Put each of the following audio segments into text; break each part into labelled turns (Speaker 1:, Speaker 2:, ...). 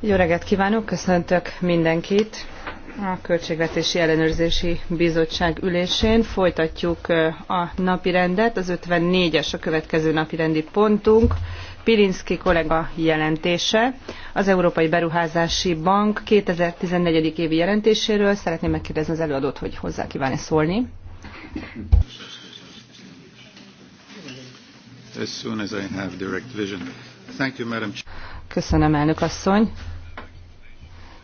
Speaker 1: Jó reggelt kívánok, köszöntök mindenkit a Költségvetési Ellenőrzési Bizottság ülésén. Folytatjuk a napi rendet, az 54-es a következő napi rendi pontunk. Pirinski kollega jelentése az Európai Beruházási Bank 2014. évi jelentéséről. Szeretném megkérdezni az előadót, hogy hozzá kíván-e szólni. As soon as I have direct vision. Köszönöm, elnök asszony.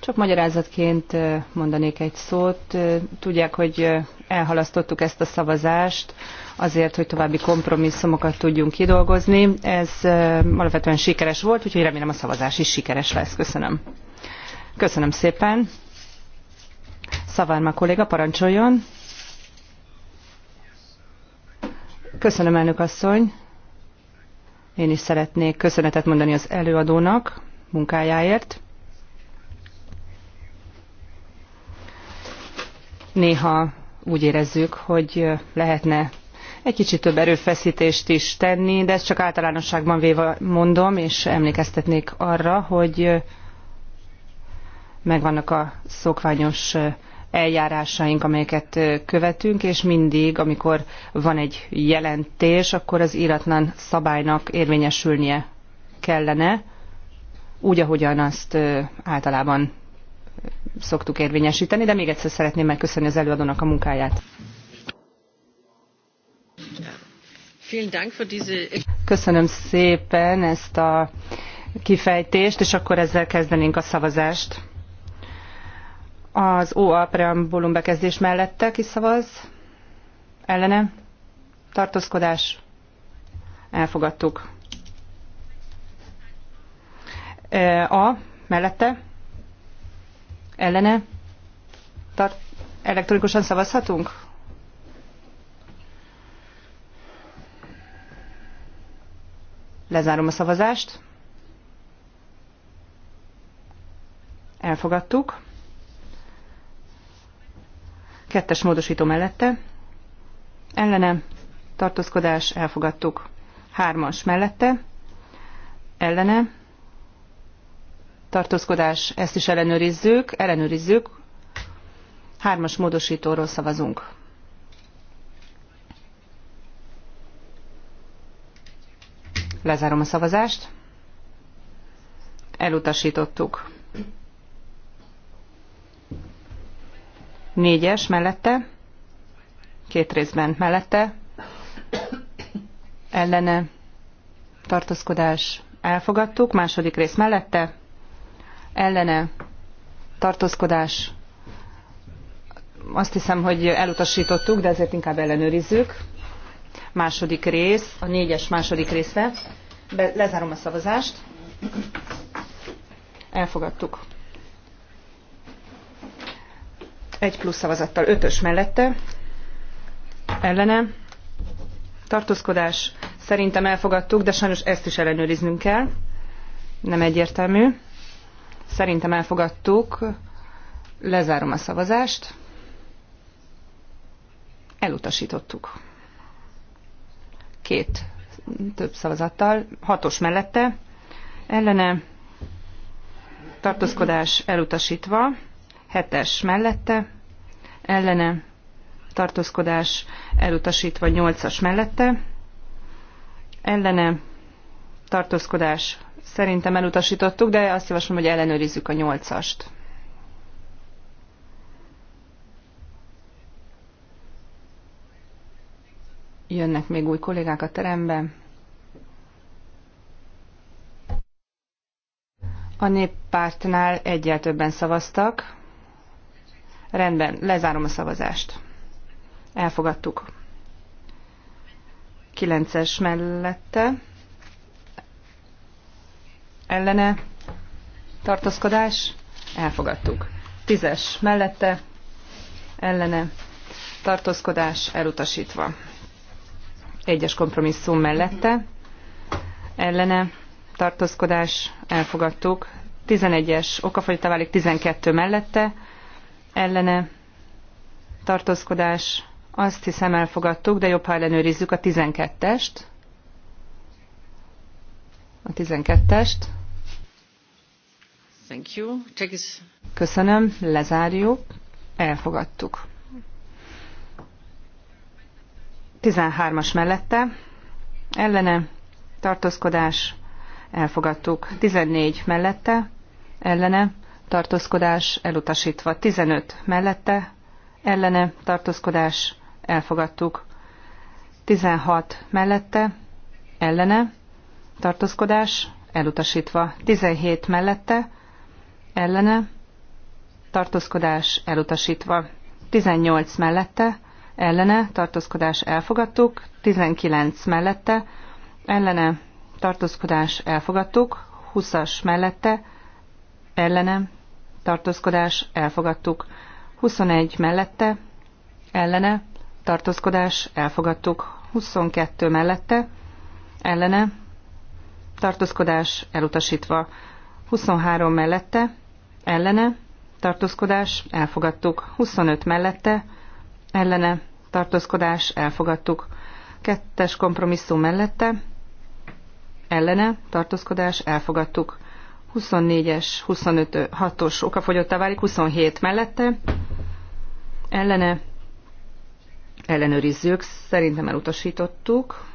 Speaker 1: Csak magyarázatként mondanék egy szót. Tudják, hogy elhalasztottuk ezt a szavazást azért, hogy további kompromisszumokat tudjunk kidolgozni. Ez alapvetően sikeres volt, úgyhogy remélem a szavazás is sikeres lesz. Köszönöm. Köszönöm szépen. Szavárma kolléga, parancsoljon. Köszönöm, elnök asszony. Én is szeretnék köszönetet mondani az előadónak munkájáért. Néha úgy érezzük, hogy lehetne egy kicsit több erőfeszítést is tenni, de ezt csak általánosságban véve mondom, és emlékeztetnék arra, hogy megvannak a szokványos eljárásaink, amelyeket követünk, és mindig, amikor van egy jelentés, akkor az íratlan szabálynak érvényesülnie kellene, úgy, ahogyan azt általában szoktuk érvényesíteni, de még egyszer szeretném megköszönni az előadónak a munkáját. Köszönöm szépen ezt a kifejtést, és akkor ezzel kezdenénk a szavazást. Az OA preambulum bekezdés mellette kiszavaz, ellene, tartózkodás, elfogadtuk. E, a mellette, ellene, tart, elektronikusan szavazhatunk? Lezárom a szavazást. Elfogadtuk. Kettes módosító mellette. Ellene. Tartózkodás. Elfogadtuk. Hármas mellette. Ellene. Tartózkodás. Ezt is ellenőrizzük. Ellenőrizzük. Hármas módosítóról szavazunk. Lezárom a szavazást. Elutasítottuk. Négyes mellette, két részben mellette, ellene, tartózkodás, elfogadtuk, második rész mellette, ellene, tartózkodás, azt hiszem, hogy elutasítottuk, de ezért inkább ellenőrizzük. Második rész, a négyes második része. Be, lezárom a szavazást. Elfogadtuk. egy plusz szavazattal ötös mellette, ellene, tartózkodás szerintem elfogadtuk, de sajnos ezt is ellenőriznünk kell, nem egyértelmű. Szerintem elfogadtuk, lezárom a szavazást, elutasítottuk. Két több szavazattal, hatos mellette, ellene, tartózkodás elutasítva, hetes mellette, ellene tartózkodás elutasítva 8-as mellette, ellene tartózkodás szerintem elutasítottuk, de azt javaslom, hogy ellenőrizzük a 8-ast. Jönnek még új kollégák a terembe. A néppártnál egyel többen szavaztak. Rendben, lezárom a szavazást. Elfogadtuk. 9-es mellette. Ellene. Tartózkodás. Elfogadtuk. 10-es mellette. Ellene. Tartózkodás elutasítva. Egyes kompromisszum mellette. Ellene. Tartózkodás. Elfogadtuk. 11-es okafogyta válik 12 mellette ellene tartózkodás, azt hiszem elfogadtuk, de jobb, ha ellenőrizzük a 12-est. A 12-est.
Speaker 2: Thank you. Check is...
Speaker 1: Köszönöm, lezárjuk, elfogadtuk. 13-as mellette, ellene, tartózkodás, elfogadtuk. 14 mellette, ellene, tartózkodás elutasítva. 15 mellette, ellene tartózkodás elfogadtuk. 16 mellette, ellene tartózkodás elutasítva. 17 mellette, ellene tartózkodás elutasítva. 18 mellette, ellene tartózkodás elfogadtuk, 19 mellette, ellene tartózkodás elfogadtuk, 20-as mellette, ellene tartózkodás, elfogadtuk. 21 mellette, ellene, tartózkodás, elfogadtuk. 22 mellette, ellene, tartózkodás, elutasítva. 23 mellette, ellene, tartózkodás, elfogadtuk. 25 mellette, ellene, tartózkodás, elfogadtuk. Kettes kompromisszum mellette, ellene, tartózkodás, elfogadtuk. 24-es, 25-6-os okafogyottá válik, 27 mellette, ellene, ellenőrizzük, szerintem elutasítottuk.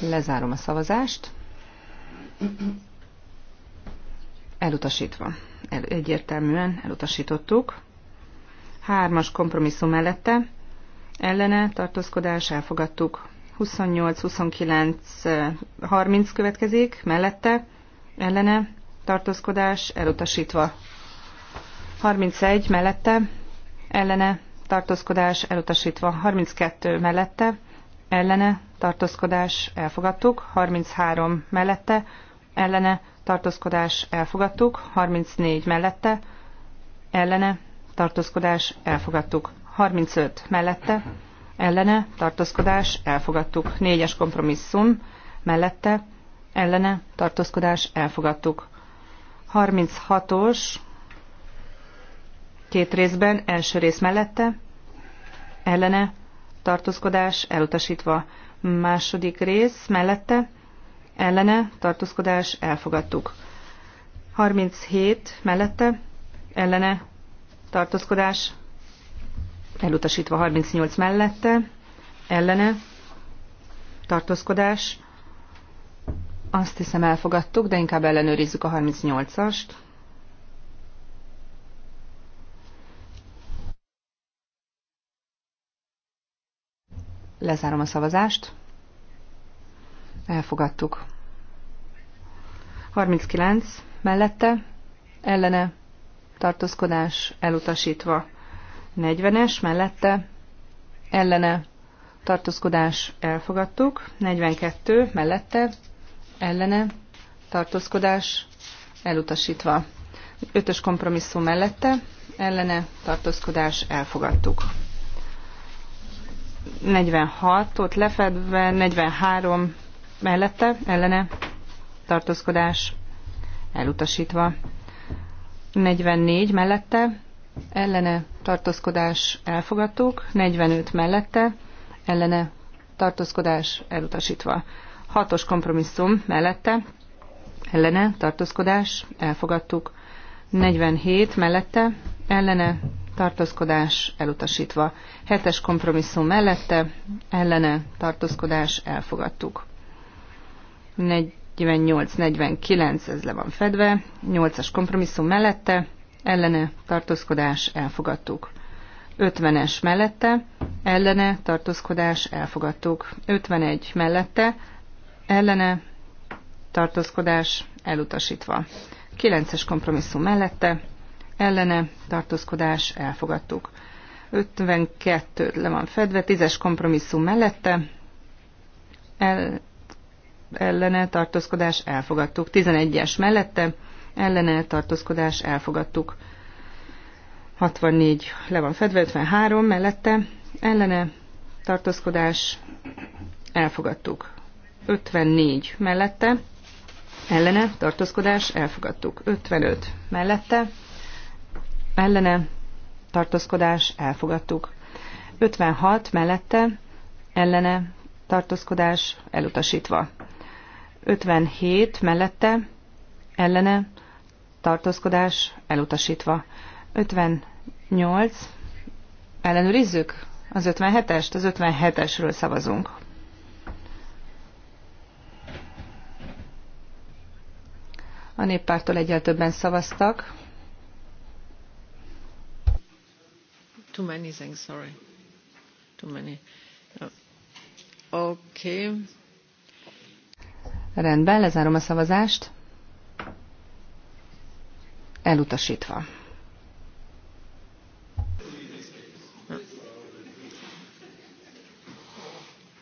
Speaker 1: Lezárom a szavazást elutasítva. El, egyértelműen elutasítottuk. Hármas kompromisszum mellette ellene tartózkodás elfogadtuk. 28, 29, 30 következik, mellette ellene tartózkodás elutasítva. 31 mellette ellene tartózkodás elutasítva. 32 mellette ellene tartózkodás elfogadtuk. 33 mellette ellene tartózkodás elfogadtuk, 34 mellette, ellene, tartózkodás elfogadtuk, 35 mellette, ellene, tartózkodás elfogadtuk, 4-es kompromisszum mellette, ellene, tartózkodás elfogadtuk. 36-os két részben, első rész mellette, ellene, tartózkodás elutasítva, második rész mellette, ellene, tartózkodás, elfogadtuk. 37 mellette, ellene, tartózkodás, elutasítva 38 mellette, ellene, tartózkodás, azt hiszem elfogadtuk, de inkább ellenőrizzük a 38-ast. Lezárom a szavazást. Elfogadtuk. 39. Mellette, ellene, tartózkodás elutasítva. 40-es, mellette, ellene, tartózkodás elfogadtuk. 42. Mellette, ellene, tartózkodás elutasítva. 5-ös kompromisszum mellette, ellene, tartózkodás elfogadtuk. 46, ot lefedve, 43 mellette, ellene, tartózkodás, elutasítva. 44 mellette, ellene, tartózkodás, elfogadtuk. 45 mellette, ellene, tartózkodás, elutasítva. 6-os kompromisszum mellette, ellene, tartózkodás, elfogadtuk. 47 mellette, ellene, tartózkodás elutasítva. Hetes kompromisszum mellette, ellene tartózkodás elfogadtuk. 48-49, ez le van fedve, 8-as kompromisszum mellette, ellene tartózkodás elfogadtuk. 50-es mellette, ellene tartózkodás elfogadtuk. 51 mellette, ellene tartózkodás elutasítva. 9-es kompromisszum mellette, ellene tartózkodás elfogadtuk. 52 le van fedve, 10-es kompromisszum mellette, el, ellene tartózkodás elfogadtuk. 11-es mellette ellene tartózkodás elfogadtuk. 64 le van fedve, 53 mellette ellene tartózkodás elfogadtuk. 54 mellette ellene tartózkodás elfogadtuk. 55 mellette ellene tartózkodás elfogadtuk. 56 mellette ellene tartózkodás elutasítva. 57 mellette, ellene, tartózkodás elutasítva. 58, ellenőrizzük az 57-est, az 57-esről szavazunk. A néppártól egyel többen szavaztak.
Speaker 2: Too many things, sorry. Too many. Uh, okay.
Speaker 1: Rendben, lezárom a szavazást. Elutasítva.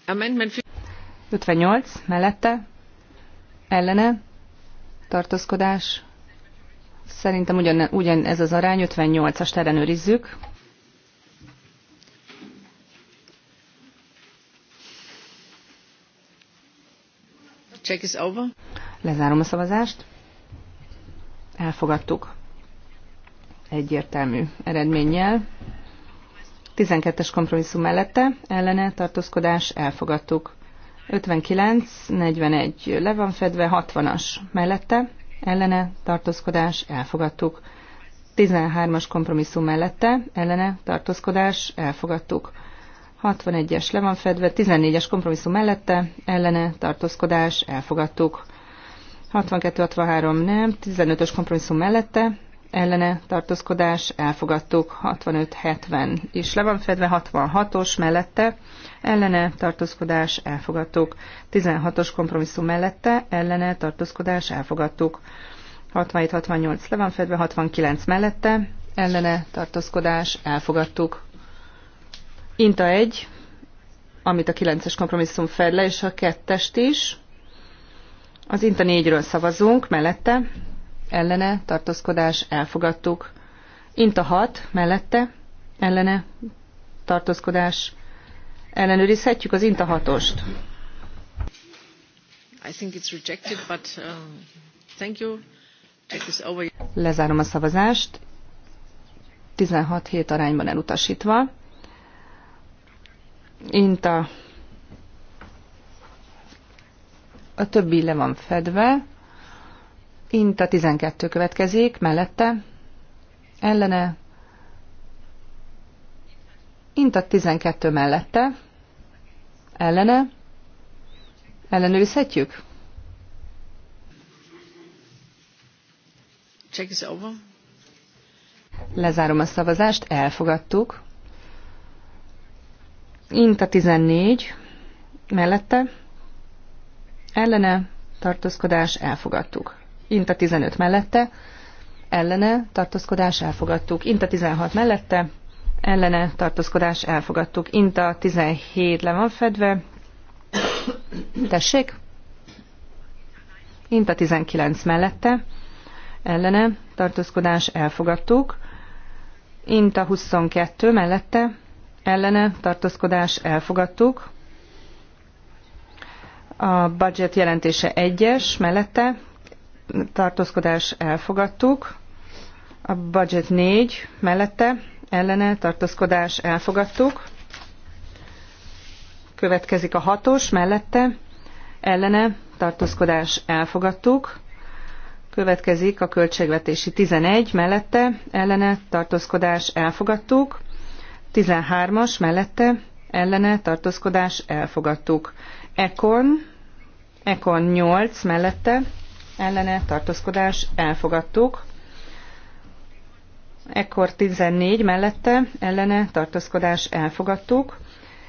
Speaker 1: Amendment 58 mellette, ellene, tartózkodás. Szerintem ugyan, ugyan ez az arány, 58-as ellenőrizzük. check is over. Lezárom a szavazást. Elfogadtuk. Egyértelmű eredménnyel. 12-es kompromisszum mellette, ellene tartózkodás, elfogadtuk. 59, 41 le van fedve, 60-as mellette, ellene tartózkodás, elfogadtuk. 13-as kompromisszum mellette, ellene tartózkodás, elfogadtuk. 61-es le van fedve, 14-es kompromisszum mellette, ellene, tartózkodás, elfogadtuk. 62-63 nem, 15-ös kompromisszum mellette, ellene, tartózkodás, elfogadtuk. 65-70 is le van fedve, 66-os mellette, ellene, tartózkodás, elfogadtuk. 16-os kompromisszum mellette, ellene, tartózkodás, elfogadtuk. 67-68 le van fedve, 69 mellette, ellene, tartózkodás, elfogadtuk. Inta 1, amit a 9-es kompromisszum fed le, és a 2-est is. Az Inta 4-ről szavazunk, mellette, ellene, tartózkodás, elfogadtuk. Inta 6, mellette, ellene, tartózkodás, ellenőrizhetjük az Inta 6-ost.
Speaker 2: I think it's rejected, but um, thank you.
Speaker 1: Lezárom a szavazást. 16 hét arányban elutasítva. Inta. A többi le van fedve. Inta 12 következik, mellette. Ellene. Inta 12 mellette. Ellene. Ellenőrizhetjük?
Speaker 2: Check is over.
Speaker 1: Lezárom a szavazást, elfogadtuk. Inta 14 mellette ellene tartózkodás elfogadtuk. Inta 15 mellette ellene tartózkodás elfogadtuk. Inta 16 mellette ellene tartózkodás elfogadtuk. Inta 17 le van fedve. Tessék? Inta 19 mellette ellene tartózkodás elfogadtuk. Inta 22 mellette ellene tartózkodás elfogadtuk. A budget jelentése egyes mellette tartózkodás elfogadtuk. A budget 4 mellette ellene tartózkodás elfogadtuk. Következik a hatos mellette ellene tartózkodás elfogadtuk. Következik a költségvetési 11 mellette ellene tartózkodás elfogadtuk. 13-as mellette ellene tartózkodás elfogadtuk. Ekon, Ekon 8 mellette ellene tartózkodás elfogadtuk. Ekkor 14 mellette ellene tartózkodás elfogadtuk.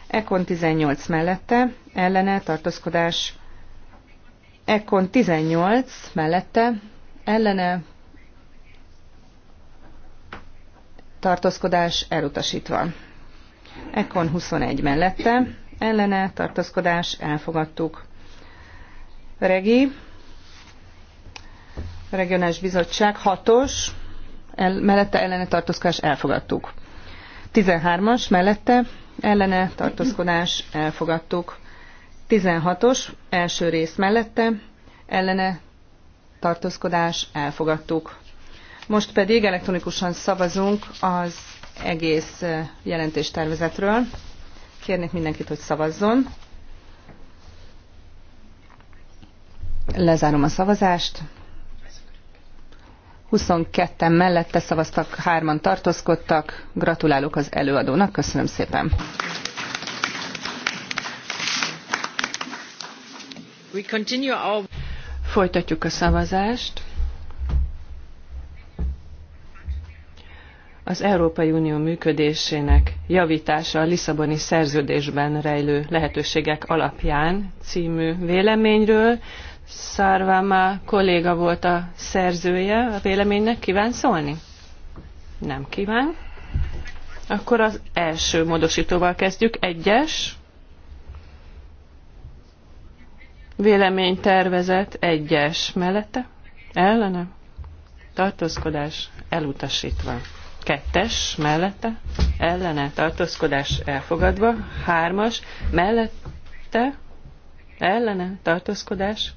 Speaker 1: Ekon 18 mellette ellene tartózkodás Ekon 18 mellette ellene tartózkodás elutasítva. Ekkon 21 mellette, ellene tartózkodás elfogadtuk. Regi, Regionális Bizottság 6-os, el, mellette ellene tartózkodás elfogadtuk. 13-as mellette ellene tartózkodás elfogadtuk. 16-os első rész mellette ellene tartózkodás elfogadtuk. Most pedig elektronikusan szavazunk az egész eh, jelentéstervezetről. Kérnék mindenkit, hogy szavazzon. Lezárom a szavazást. 22-en mellette szavaztak, 3-an tartózkodtak. Gratulálok az előadónak, köszönöm szépen.
Speaker 2: Our...
Speaker 1: Folytatjuk a szavazást.
Speaker 2: az Európai Unió működésének javítása a Lisszaboni szerződésben rejlő lehetőségek alapján című véleményről. Szárváma kolléga volt a szerzője a véleménynek. Kíván szólni? Nem kíván. Akkor az első módosítóval kezdjük. Egyes. Véleménytervezet egyes mellette. Ellene. Tartózkodás elutasítva. Kettes mellette, ellene tartózkodás elfogadva. Hármas mellette, ellene tartózkodás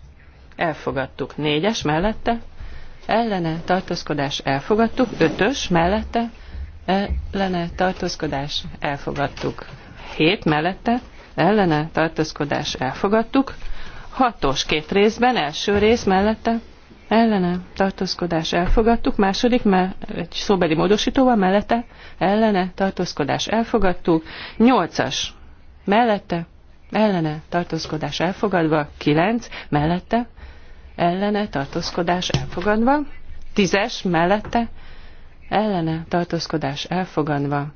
Speaker 2: elfogadtuk. Négyes mellette, ellene tartózkodás elfogadtuk. Ötös mellette, ellene tartózkodás elfogadtuk. Hét mellette, ellene tartózkodás elfogadtuk. Hatos két részben, első rész mellette, ellene tartózkodás elfogadtuk, második már egy szóbeli módosítóval mellette ellene tartózkodás elfogadtuk, nyolcas mellette ellene tartózkodás elfogadva, kilenc mellette ellene tartózkodás elfogadva, tízes mellette ellene tartózkodás elfogadva,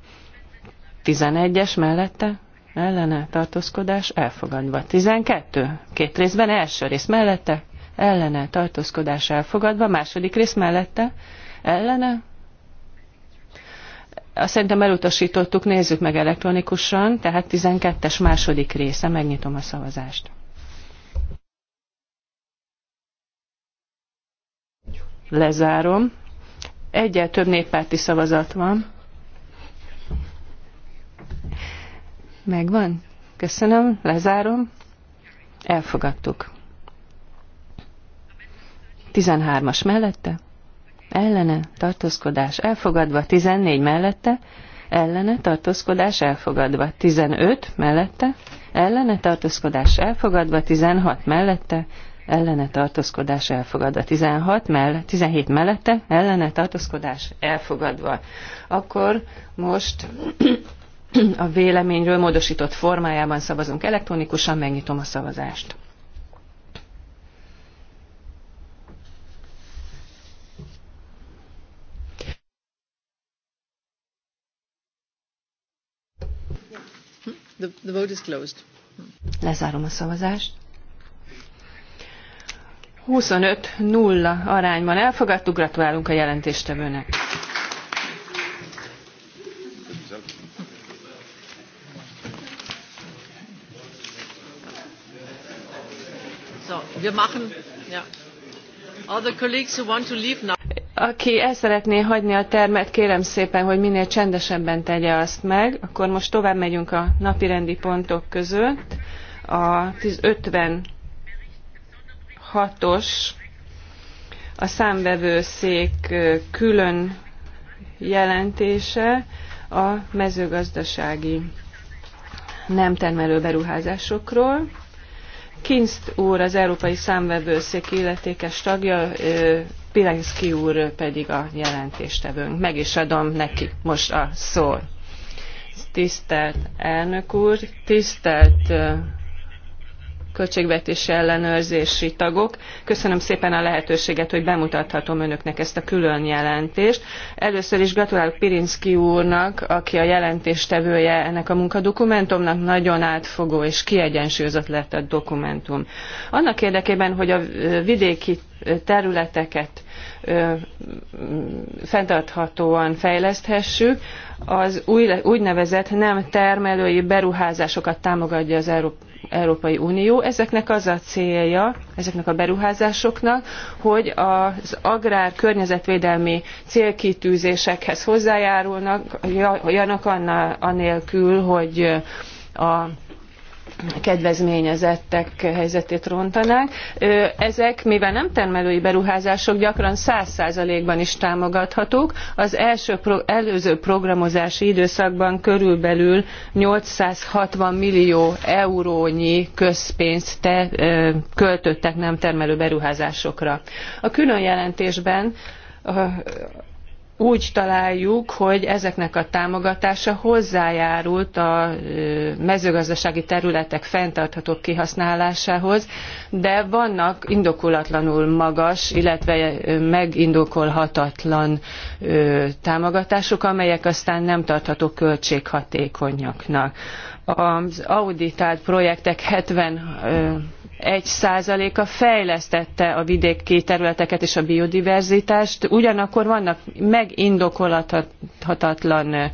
Speaker 2: tizenegyes mellette ellene tartózkodás elfogadva, tizenkettő két részben első rész mellette ellene tartózkodás elfogadva, második rész mellette ellene. Azt szerintem elutasítottuk, nézzük meg elektronikusan, tehát 12-es második része, megnyitom a szavazást. Lezárom. Egyel több néppárti szavazat van. Megvan? Köszönöm, lezárom. Elfogadtuk. 13-as mellette, ellene, tartózkodás elfogadva, 14 mellette, ellene, tartózkodás elfogadva, 15 mellette, ellene, tartózkodás elfogadva, 16 mellette, ellene tartózkodás elfogadva. 16 mellette, 17 mellette ellene tartózkodás elfogadva. Akkor most a véleményről módosított formájában szavazunk elektronikusan, megnyitom a szavazást. The, the vote is closed. Lezárom a szavazást. 25-0 arányban elfogadtuk, gratulálunk a jelentéstevőnek. So, wir machen, ja. the colleagues who want to leave now aki el szeretné hagyni a termet, kérem szépen, hogy minél csendesebben tegye azt meg. Akkor most tovább megyünk a napirendi pontok között. A 56-os a számvevőszék külön jelentése a mezőgazdasági nem termelő beruházásokról. Kinst úr, az Európai Számvevőszék illetékes tagja Pilenszki úr pedig a jelentéstevőnk. Meg is adom neki most a szót. Tisztelt elnök úr, tisztelt költségvetési ellenőrzési tagok. Köszönöm szépen a lehetőséget, hogy bemutathatom önöknek ezt a külön jelentést. Először is gratulálok Pirinszki úrnak, aki a jelentéstevője ennek a munkadokumentumnak. Nagyon átfogó és kiegyensúlyozott lett a dokumentum. Annak érdekében, hogy a vidéki területeket fenntarthatóan fejleszthessük, az úgynevezett nem termelői beruházásokat támogatja az Európai Európai Unió. Ezeknek az a célja, ezeknek a beruházásoknak, hogy az agrár környezetvédelmi célkitűzésekhez hozzájárulnak, janak annál, anélkül, hogy a kedvezményezettek helyzetét rontanák. Ezek, mivel nem termelői beruházások, gyakran 100%-ban is támogathatók. Az első pro, előző programozási időszakban körülbelül 860 millió eurónyi közpénzt te, költöttek nem termelő beruházásokra. A külön jelentésben úgy találjuk, hogy ezeknek a támogatása hozzájárult a mezőgazdasági területek fenntartható kihasználásához, de vannak indokolatlanul magas, illetve megindokolhatatlan támogatások, amelyek aztán nem tartható költséghatékonyaknak. Az auditált projektek 70 one a fejlesztette a vidéki területeket és a biodiverzitást, ugyanakkor vannak megindokolhatatlan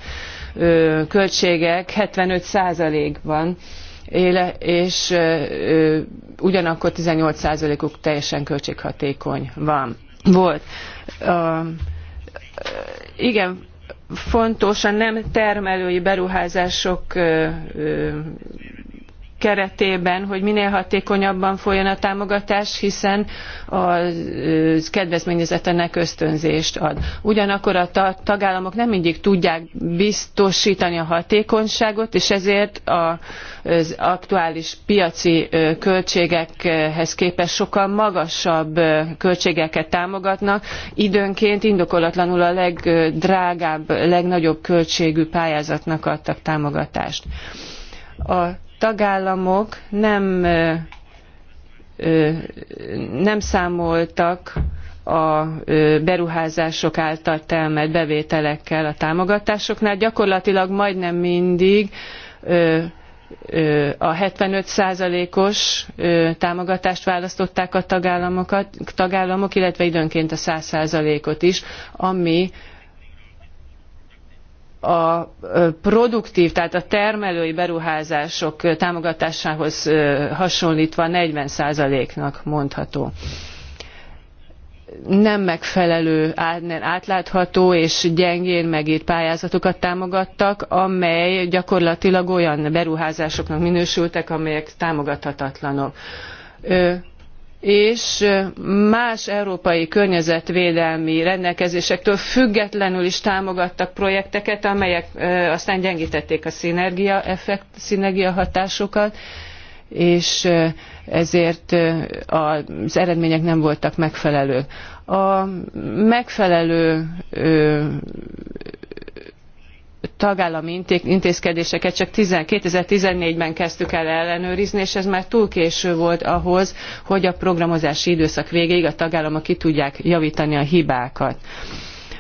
Speaker 2: költségek 75%-ban, és ugyanakkor 18%-uk teljesen költséghatékony van, volt. igen, fontos a nem termelői beruházások keretében, hogy minél hatékonyabban folyjon a támogatás, hiszen a kedvezményezettenek ösztönzést ad. Ugyanakkor a tagállamok nem mindig tudják biztosítani a hatékonyságot, és ezért az aktuális piaci költségekhez képest sokkal magasabb költségeket támogatnak, időnként indokolatlanul a legdrágább, legnagyobb költségű pályázatnak adtak támogatást. A tagállamok nem, nem számoltak a beruházások által termelt bevételekkel a támogatásoknál. Gyakorlatilag majdnem mindig a 75%-os támogatást választották a tagállamokat, tagállamok, illetve időnként a 100%-ot is, ami a produktív, tehát a termelői beruházások támogatásához hasonlítva 40%-nak mondható nem megfelelő, átlátható és gyengén megírt pályázatokat támogattak, amely gyakorlatilag olyan beruházásoknak minősültek, amelyek támogathatatlanok és más európai környezetvédelmi rendelkezésektől függetlenül is támogattak projekteket, amelyek aztán gyengítették a szinergia, effekt, szinergia hatásokat, és ezért az eredmények nem voltak megfelelők. A megfelelő tagállami intézkedéseket csak 2014-ben kezdtük el ellenőrizni, és ez már túl késő volt ahhoz, hogy a programozási időszak végéig a tagállamok ki tudják javítani a hibákat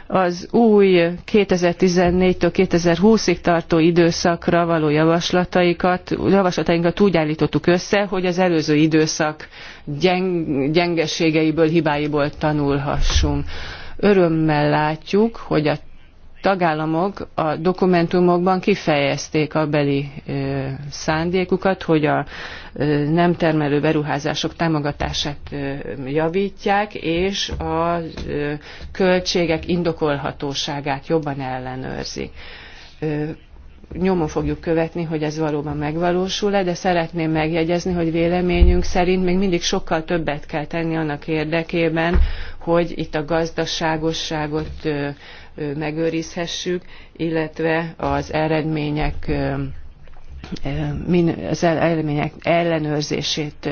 Speaker 2: az új 2014-től 2020-ig tartó időszakra való javaslataikat, javaslatainkat úgy állítottuk össze, hogy az előző időszak gyeng gyengeségeiből, hibáiból tanulhassunk. Örömmel látjuk, hogy a tagállamok a dokumentumokban kifejezték a beli szándékukat, hogy a nem termelő beruházások támogatását javítják, és a költségek indokolhatóságát jobban ellenőrzik nyomon fogjuk követni, hogy ez valóban megvalósul-e, de szeretném megjegyezni, hogy véleményünk szerint még mindig sokkal többet kell tenni annak érdekében, hogy itt a gazdaságosságot megőrizhessük, illetve az eredmények az eredmények ellenőrzését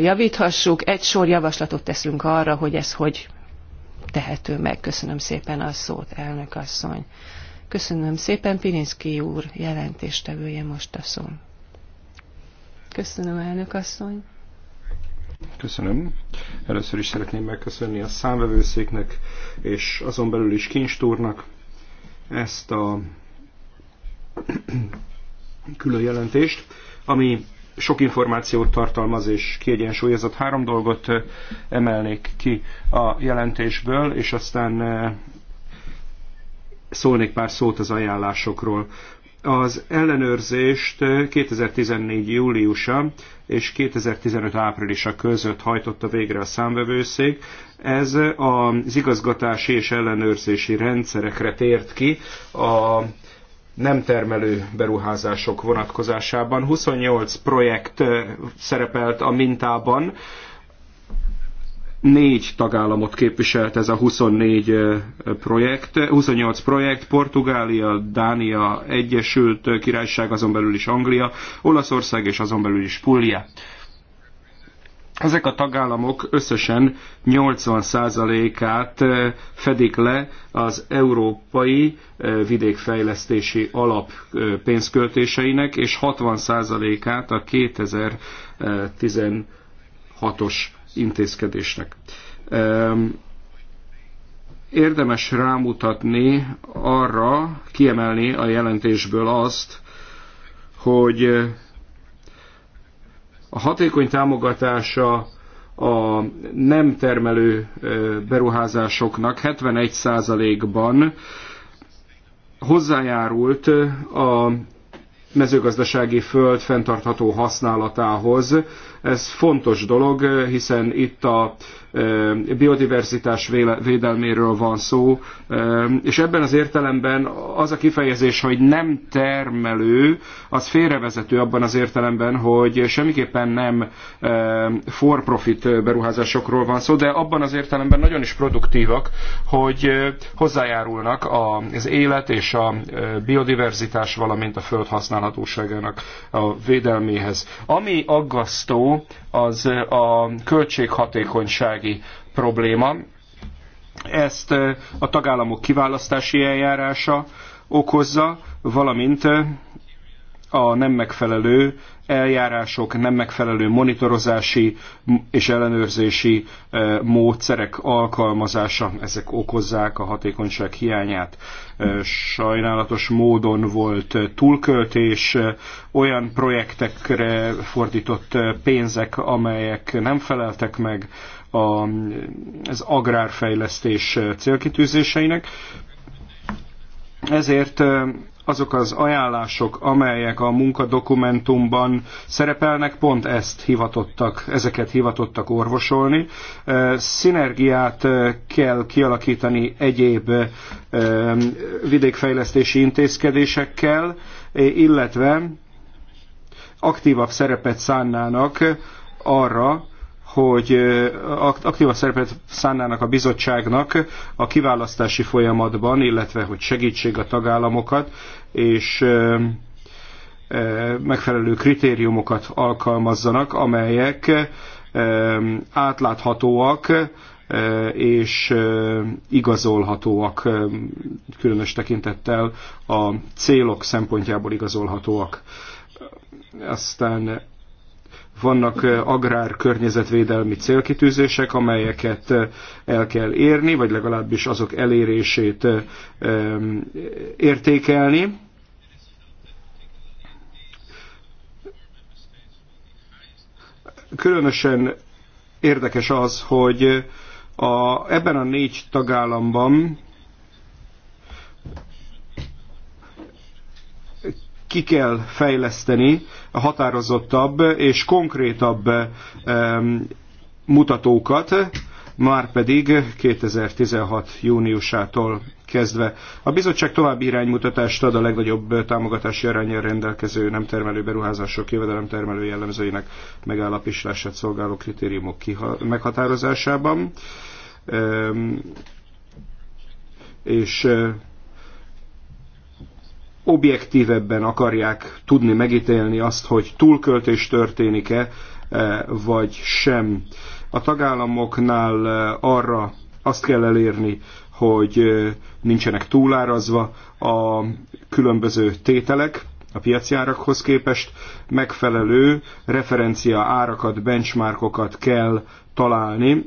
Speaker 2: javíthassuk. Egy sor javaslatot teszünk arra, hogy ez hogy tehető meg. Köszönöm szépen a szót, elnök asszony. Köszönöm szépen, Pirinszki úr jelentéstevője most a szó. Köszönöm, elnök asszony.
Speaker 3: Köszönöm. Először is szeretném megköszönni a számvevőszéknek, és azon belül is kincstúrnak ezt a külön jelentést, ami sok információt tartalmaz és kiegyensúlyozott. Három dolgot emelnék ki a jelentésből, és aztán szólnék pár szót az ajánlásokról az ellenőrzést 2014. júliusa és 2015. áprilisa között hajtotta végre a számvevőszék. Ez az igazgatási és ellenőrzési rendszerekre tért ki a nem termelő beruházások vonatkozásában. 28 projekt szerepelt a mintában, négy tagállamot képviselt ez a 24 projekt, 28 projekt, Portugália, Dánia, Egyesült Királyság, azon belül is Anglia, Olaszország és azon belül is Puglia. Ezek a tagállamok összesen 80%-át fedik le az európai vidékfejlesztési alap pénzköltéseinek, és 60%-át a 2016-os intézkedésnek. Érdemes rámutatni arra, kiemelni a jelentésből azt, hogy eh, a hatékony támogatása a nem termelő eh, beruházásoknak 71%-ban hozzájárult eh, a mezőgazdasági föld fenntartható használatához, ez fontos dolog, hiszen itt a e, biodiverzitás védelméről van szó, e, és ebben az értelemben az a kifejezés, hogy nem termelő, az félrevezető abban az értelemben, hogy semmiképpen nem e, for profit beruházásokról van szó, de abban az értelemben nagyon is produktívak, hogy hozzájárulnak az élet és a biodiverzitás, valamint a föld használhatóságának a védelméhez. Ami aggasztó, az a költséghatékonysági probléma. Ezt a tagállamok kiválasztási eljárása okozza, valamint a nem megfelelő eljárások, nem megfelelő monitorozási és ellenőrzési e, módszerek alkalmazása, ezek okozzák a hatékonyság hiányát. E, sajnálatos módon volt túlköltés, e, olyan projektekre fordított pénzek, amelyek nem feleltek meg az agrárfejlesztés célkitűzéseinek. Ezért azok az ajánlások, amelyek a munkadokumentumban szerepelnek, pont ezt hivatottak, ezeket hivatottak orvosolni. Szinergiát kell kialakítani egyéb vidékfejlesztési intézkedésekkel, illetve aktívabb szerepet szánnának arra, hogy aktív szerepet szánnának a bizottságnak a kiválasztási folyamatban, illetve hogy segítség a tagállamokat, és megfelelő kritériumokat alkalmazzanak, amelyek átláthatóak és igazolhatóak, különös tekintettel a célok szempontjából igazolhatóak. Aztán vannak agrár környezetvédelmi célkitűzések, amelyeket el kell érni, vagy legalábbis azok elérését értékelni. Különösen érdekes az, hogy a, ebben a négy tagállamban ki kell fejleszteni a határozottabb és konkrétabb mutatókat, már pedig 2016. júniusától kezdve. A bizottság további iránymutatást ad a legnagyobb támogatási arányjal rendelkező nem termelő beruházások termelő jellemzőinek megállapítását szolgáló kritériumok meghatározásában. És objektívebben akarják tudni megítélni azt, hogy túlköltés történik-e, e, vagy sem. A tagállamoknál e, arra azt kell elérni, hogy e, nincsenek túlárazva a különböző tételek a piaci árakhoz képest, megfelelő referencia árakat, benchmarkokat kell találni,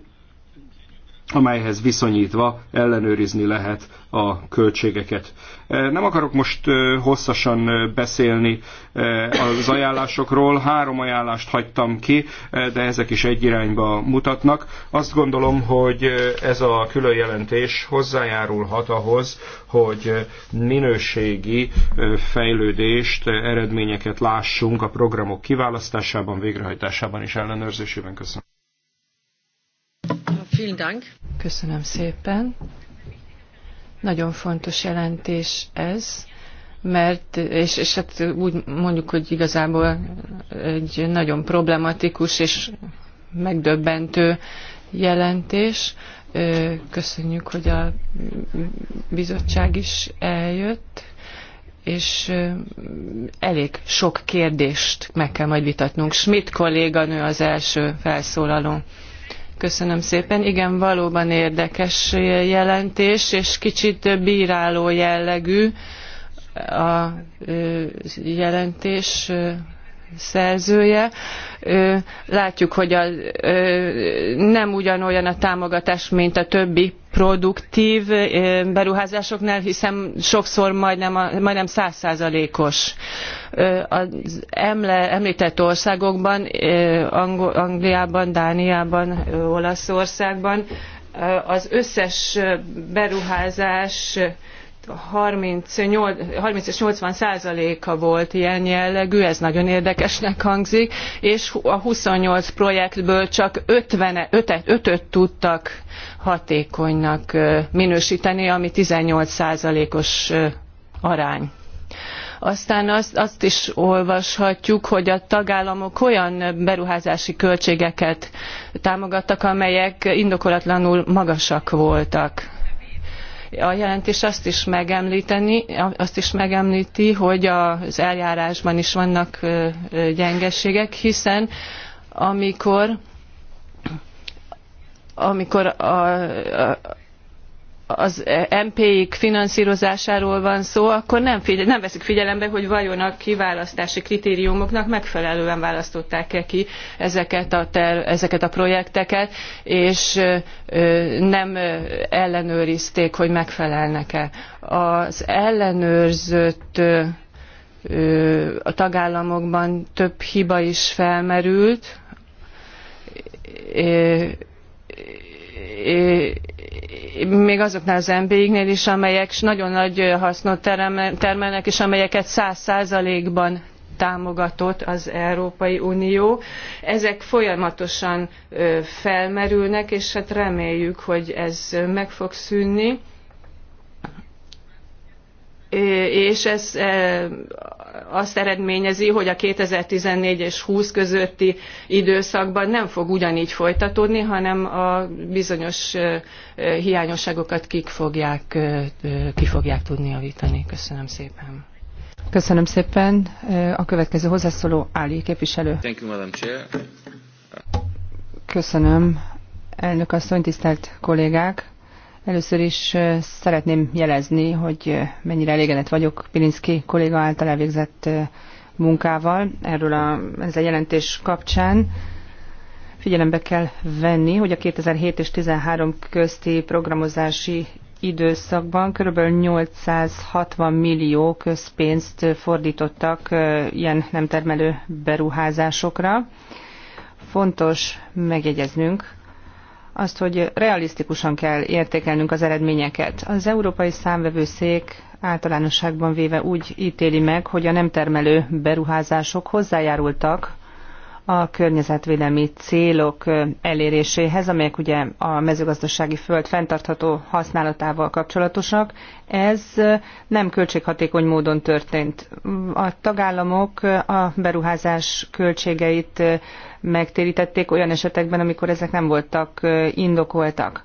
Speaker 3: amelyhez viszonyítva ellenőrizni lehet a költségeket. E, nem akarok most e, hosszasan e, beszélni az ajánlásokról, három ajánlást hagytam ki, de ezek is egy irányba mutatnak. Azt gondolom, hogy ez a külön jelentés hozzájárulhat ahhoz, hogy minőségi fejlődést, eredményeket lássunk a programok kiválasztásában, végrehajtásában és ellenőrzésében. Köszönöm.
Speaker 2: Vielen Dank. Köszönöm szépen. Nagyon fontos jelentés ez, mert, és, és hát úgy mondjuk, hogy igazából egy nagyon problematikus és megdöbbentő jelentés. Köszönjük, hogy a bizottság is eljött, és elég sok kérdést meg kell majd vitatnunk. Schmidt kolléganő az első felszólaló. Köszönöm szépen. Igen, valóban érdekes jelentés, és kicsit bíráló jellegű a jelentés szerzője. Látjuk, hogy a, nem ugyanolyan a támogatás, mint a többi produktív beruházásoknál, hiszen sokszor majdnem, majdnem 100%-os. Az emle, említett országokban, Angliában, Dániában, Olaszországban az összes beruházás 38, 30 és 80 százaléka volt ilyen jellegű, ez nagyon érdekesnek hangzik, és a 28 projektből csak 5 öt tudtak hatékonynak minősíteni, ami 18 százalékos arány. Aztán azt, azt is olvashatjuk, hogy a tagállamok olyan beruházási költségeket támogattak, amelyek indokolatlanul magasak voltak a jelentés azt is, megemlíteni, azt is megemlíti, hogy az eljárásban is vannak gyengeségek, hiszen amikor amikor a, a, az MP-ik finanszírozásáról van szó, akkor nem, figyel, nem veszik figyelembe, hogy vajon a kiválasztási kritériumoknak megfelelően választották-e ki ezeket a, ter, ezeket a projekteket, és nem ellenőrizték, hogy megfelelnek-e. Az ellenőrzött a tagállamokban több hiba is felmerült, még azoknál az MBI-knél is, amelyek nagyon nagy hasznot termelnek, és amelyeket száz százalékban támogatott az Európai Unió. Ezek folyamatosan felmerülnek, és hát reméljük, hogy ez meg fog szűnni és ez azt eredményezi, hogy a 2014 és 20 közötti időszakban nem fog ugyanígy folytatódni, hanem a bizonyos hiányosságokat kik fogják, ki fogják tudni javítani. Köszönöm szépen.
Speaker 1: Köszönöm szépen. A következő hozzászóló Áli képviselő. Thank you, Madam Chair. Köszönöm. Elnök asszony, tisztelt kollégák! Először is szeretném jelezni, hogy mennyire elégedett vagyok Pilinszki kolléga által elvégzett munkával erről a, ez a jelentés kapcsán. Figyelembe kell venni, hogy a 2007 és 2013 közti programozási időszakban kb. 860 millió közpénzt fordítottak ilyen nem termelő beruházásokra. Fontos megjegyeznünk, azt, hogy realisztikusan kell értékelnünk az eredményeket. Az Európai Számvevőszék általánosságban véve úgy ítéli meg, hogy a nem termelő beruházások hozzájárultak a környezetvédelmi célok eléréséhez, amelyek ugye a mezőgazdasági föld fenntartható használatával kapcsolatosak. Ez nem költséghatékony módon történt. A tagállamok a beruházás költségeit megtérítették olyan esetekben, amikor ezek nem voltak indokoltak.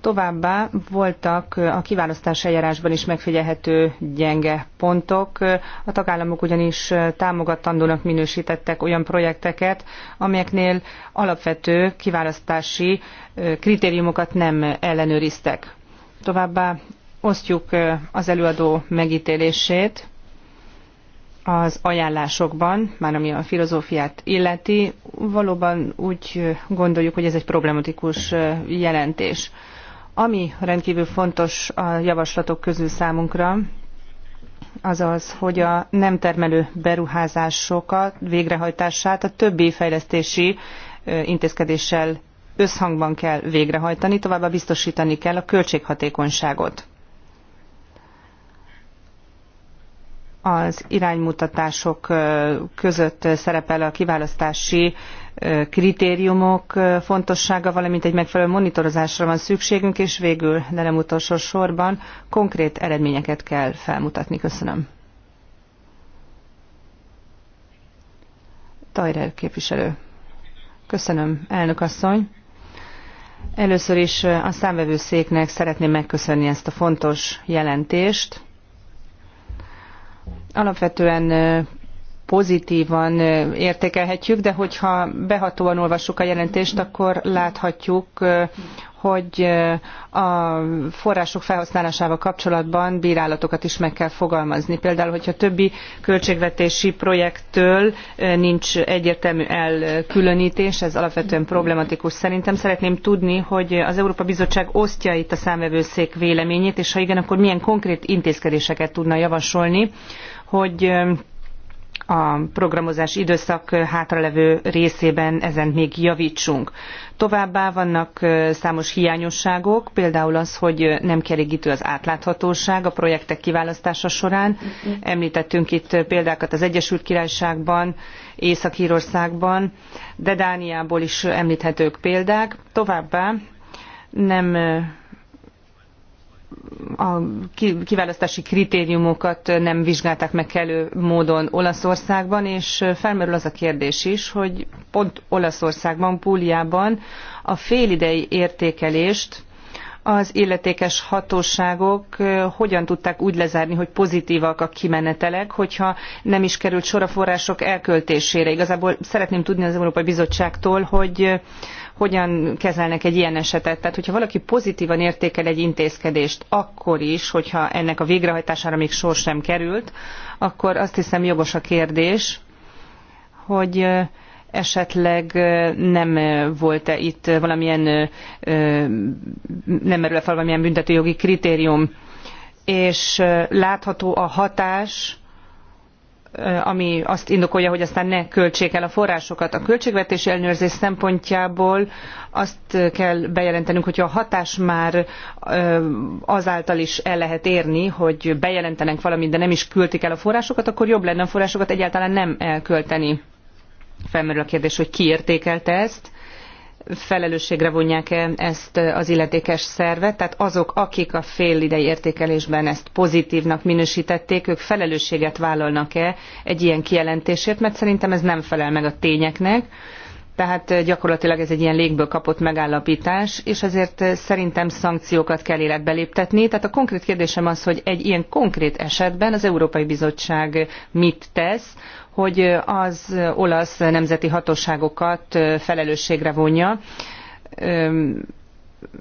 Speaker 1: Továbbá voltak a kiválasztás eljárásban is megfigyelhető gyenge pontok. A tagállamok ugyanis támogatandónak minősítettek olyan projekteket, amelyeknél alapvető kiválasztási kritériumokat nem ellenőriztek. Továbbá osztjuk az előadó megítélését, az ajánlásokban, már ami a filozófiát illeti, valóban úgy gondoljuk, hogy ez egy problematikus jelentés. Ami rendkívül fontos a javaslatok közül számunkra, az az, hogy a nem termelő beruházásokat, végrehajtását a többi fejlesztési intézkedéssel összhangban kell végrehajtani, továbbá biztosítani kell a költséghatékonyságot. az iránymutatások között szerepel a kiválasztási kritériumok fontossága, valamint egy megfelelő monitorozásra van szükségünk, és végül, de nem utolsó sorban, konkrét eredményeket kell felmutatni. Köszönöm. Tajrer képviselő. Köszönöm, elnök asszony. Először is a számvevőszéknek szeretném megköszönni ezt a fontos jelentést alapvetően pozitívan értékelhetjük, de hogyha behatóan olvassuk a jelentést, akkor láthatjuk, hogy a források felhasználásával kapcsolatban bírálatokat is meg kell fogalmazni. Például, hogyha többi költségvetési projekttől nincs egyértelmű elkülönítés, ez alapvetően problematikus szerintem. Szeretném tudni, hogy az Európa Bizottság osztja itt a számvevőszék véleményét, és ha igen, akkor milyen konkrét intézkedéseket tudna javasolni hogy a programozás időszak hátralevő részében ezen még javítsunk. Továbbá vannak számos hiányosságok, például az, hogy nem kielégítő az átláthatóság a projektek kiválasztása során. Említettünk itt példákat az Egyesült Királyságban, Észak-Írországban, de Dániából is említhetők példák. Továbbá nem a kiválasztási kritériumokat nem vizsgálták meg kellő módon Olaszországban, és felmerül az a kérdés is, hogy pont Olaszországban, Púliában a félidei értékelést az illetékes hatóságok hogyan tudták úgy lezárni, hogy pozitívak a kimenetelek, hogyha nem is került sor a források elköltésére. Igazából szeretném tudni az Európai Bizottságtól, hogy hogyan kezelnek egy ilyen esetet. Tehát, hogyha valaki pozitívan értékel egy intézkedést, akkor is, hogyha ennek a végrehajtására még sor sem került, akkor azt hiszem jogos a kérdés, hogy esetleg nem volt-e itt valamilyen, nem merül fel valamilyen büntetőjogi kritérium, és látható a hatás, ami azt indokolja, hogy aztán ne költsék el a forrásokat. A költségvetési ellenőrzés szempontjából azt kell bejelentenünk, hogyha a hatás már azáltal is el lehet érni, hogy bejelentenek valamit, de nem is küldik el a forrásokat, akkor jobb lenne a forrásokat egyáltalán nem elkölteni. Felmerül a kérdés, hogy ki értékelte ezt, felelősségre vonják-e ezt az illetékes szervet, tehát azok, akik a félidei értékelésben ezt pozitívnak minősítették, ők felelősséget vállalnak-e egy ilyen kijelentésért, mert szerintem ez nem felel meg a tényeknek, tehát gyakorlatilag ez egy ilyen légből kapott megállapítás, és ezért szerintem szankciókat kell életbe léptetni. Tehát a konkrét kérdésem az, hogy egy ilyen konkrét esetben az Európai Bizottság mit tesz, hogy az olasz nemzeti hatóságokat felelősségre vonja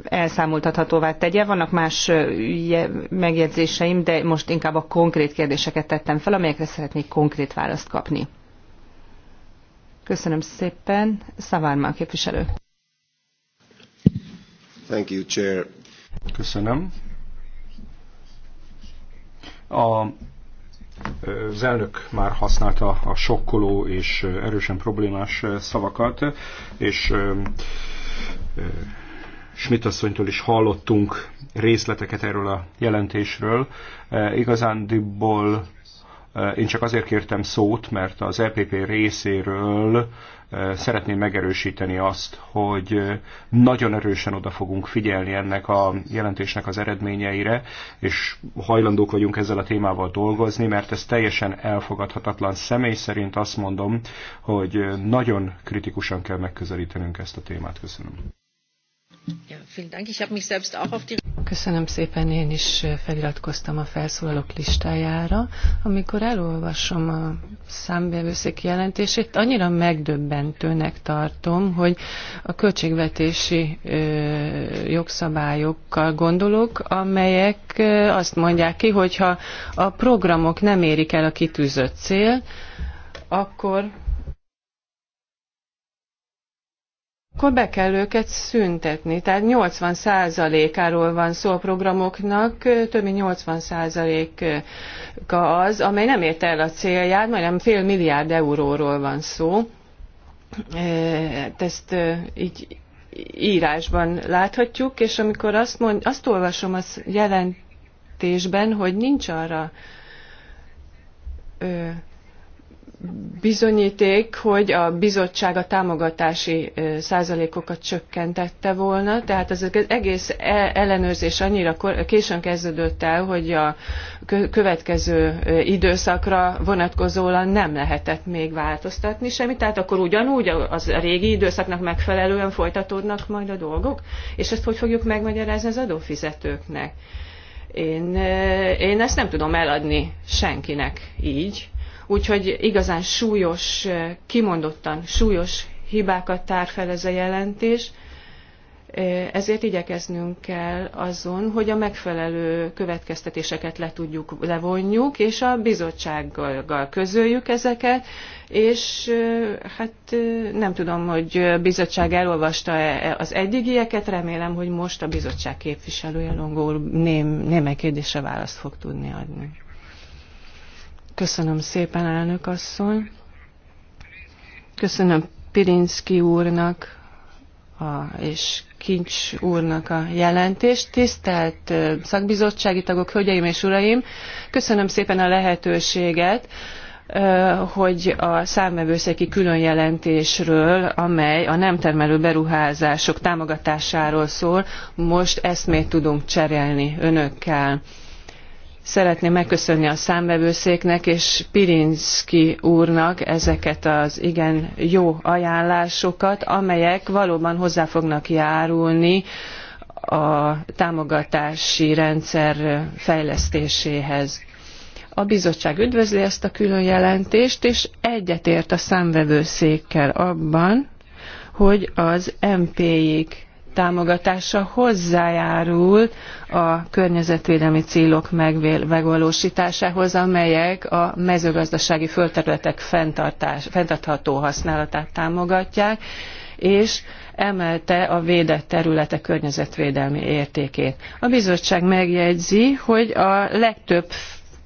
Speaker 1: elszámoltathatóvá tegye. Vannak más megjegyzéseim, de most inkább a konkrét kérdéseket tettem fel, amelyekre szeretnék konkrét választ kapni. Köszönöm szépen. a képviselő.
Speaker 3: Thank you, Chair. Köszönöm. A az elnök már használta a sokkoló és erősen problémás szavakat, és Schmidt asszonytól is hallottunk részleteket erről a jelentésről. E, igazándiból e, én csak azért kértem szót, mert az EPP részéről szeretném megerősíteni azt, hogy nagyon erősen oda fogunk figyelni ennek a jelentésnek az eredményeire, és hajlandók vagyunk ezzel a témával dolgozni, mert ez teljesen elfogadhatatlan. Személy szerint azt mondom, hogy nagyon kritikusan kell megközelítenünk ezt a témát. Köszönöm.
Speaker 2: Köszönöm szépen, én is feliratkoztam a felszólalók listájára. Amikor elolvasom a számbevőszék jelentését, annyira megdöbbentőnek tartom, hogy a költségvetési jogszabályokkal gondolok, amelyek azt mondják ki, hogyha a programok nem érik el a kitűzött cél, akkor akkor be kell őket szüntetni. Tehát 80%-áról van szó a programoknak, több mint 80%-a az, amely nem ért el a célját, majdnem fél milliárd euróról van szó. Hát ezt így írásban láthatjuk, és amikor azt, mond, azt olvasom a jelentésben, hogy nincs arra bizonyíték, hogy a bizottság a támogatási százalékokat csökkentette volna, tehát az egész e-, ellenőrzés annyira későn kezdődött el, hogy a következő időszakra vonatkozóan nem lehetett még változtatni semmit, tehát akkor ugyanúgy az a régi időszaknak megfelelően folytatódnak majd a dolgok, és ezt hogy fogjuk megmagyarázni az adófizetőknek? Én, én ezt nem tudom eladni senkinek így úgyhogy igazán súlyos, eh, kimondottan súlyos hibákat tár fel ez a jelentés, eh, ezért igyekeznünk kell azon, hogy a megfelelő következtetéseket le tudjuk, levonjuk, és a bizottsággal közöljük ezeket, és eh, hát nem tudom, hogy a bizottság elolvasta -e az eddigieket, remélem, hogy most a bizottság képviselője Longó ném, némely kérdésre választ fog tudni adni. Köszönöm szépen, elnök asszony. Köszönöm Pirinszki úrnak a, és Kincs úrnak a jelentést. Tisztelt szakbizottsági tagok, hölgyeim és uraim, köszönöm szépen a lehetőséget hogy a külön jelentésről, amely a nem termelő beruházások támogatásáról szól, most eszmét tudunk cserélni önökkel. Szeretném megköszönni a számvevőszéknek és Pirinski úrnak ezeket az igen jó ajánlásokat, amelyek valóban hozzá fognak járulni a támogatási rendszer fejlesztéséhez. A bizottság üdvözli ezt a külön jelentést, és egyetért a számvevőszékkel abban, hogy az MP-ig támogatása hozzájárul a környezetvédelmi célok megvalósításához, amelyek a mezőgazdasági földterületek fenntartható használatát támogatják, és emelte a védett területek környezetvédelmi értékét. A bizottság megjegyzi, hogy a legtöbb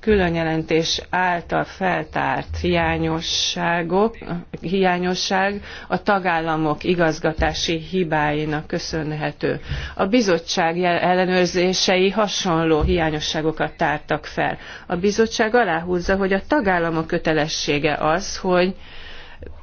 Speaker 2: Külön jelentés által feltárt hiányosságok, hiányosság a tagállamok igazgatási hibáinak köszönhető. A bizottság ellenőrzései hasonló hiányosságokat tártak fel. A bizottság aláhúzza, hogy a tagállamok kötelessége az, hogy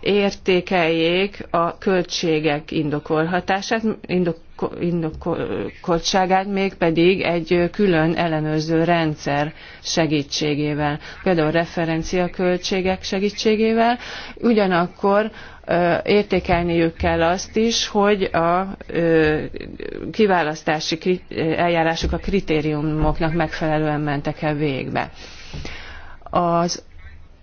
Speaker 2: értékeljék a költségek indokolhatását, indok, indokoltságát, mégpedig egy külön ellenőrző rendszer segítségével, például referenciaköltségek segítségével. Ugyanakkor értékelniük kell azt is, hogy a kiválasztási eljárások a kritériumoknak megfelelően mentek el végbe. Az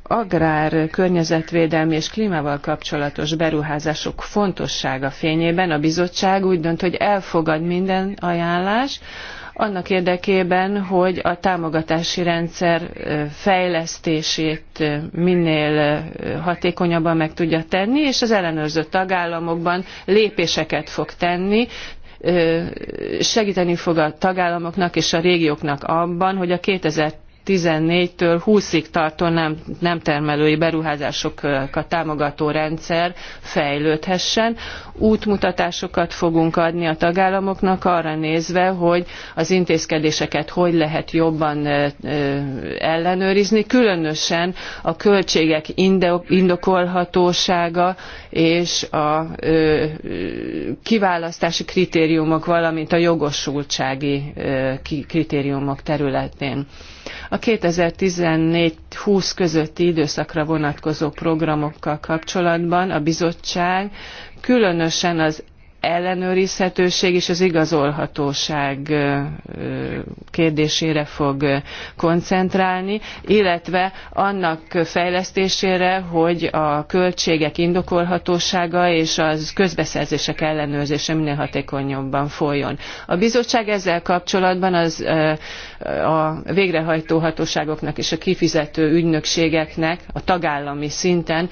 Speaker 2: agrár, környezetvédelmi és klímával kapcsolatos beruházások fontossága fényében a bizottság úgy dönt, hogy elfogad minden ajánlás, annak érdekében, hogy a támogatási rendszer fejlesztését minél hatékonyabban meg tudja tenni, és az ellenőrzött tagállamokban lépéseket fog tenni, segíteni fog a tagállamoknak és a régióknak abban, hogy a 2000 2014-től 20-ig tartó nem, nem termelői beruházásokat támogató rendszer fejlődhessen. Útmutatásokat fogunk adni a tagállamoknak arra nézve, hogy az intézkedéseket hogy lehet jobban ellenőrizni, különösen a költségek indokolhatósága és a kiválasztási kritériumok, valamint a jogosultsági kritériumok területén. A 2014-20 közötti időszakra vonatkozó programokkal kapcsolatban a bizottság különösen az ellenőrizhetőség és az igazolhatóság kérdésére fog koncentrálni, illetve annak fejlesztésére, hogy a költségek indokolhatósága és az közbeszerzések ellenőrzése minél hatékonyabban folyjon. A bizottság ezzel kapcsolatban az a végrehajtó hatóságoknak és a kifizető ügynökségeknek a tagállami szinten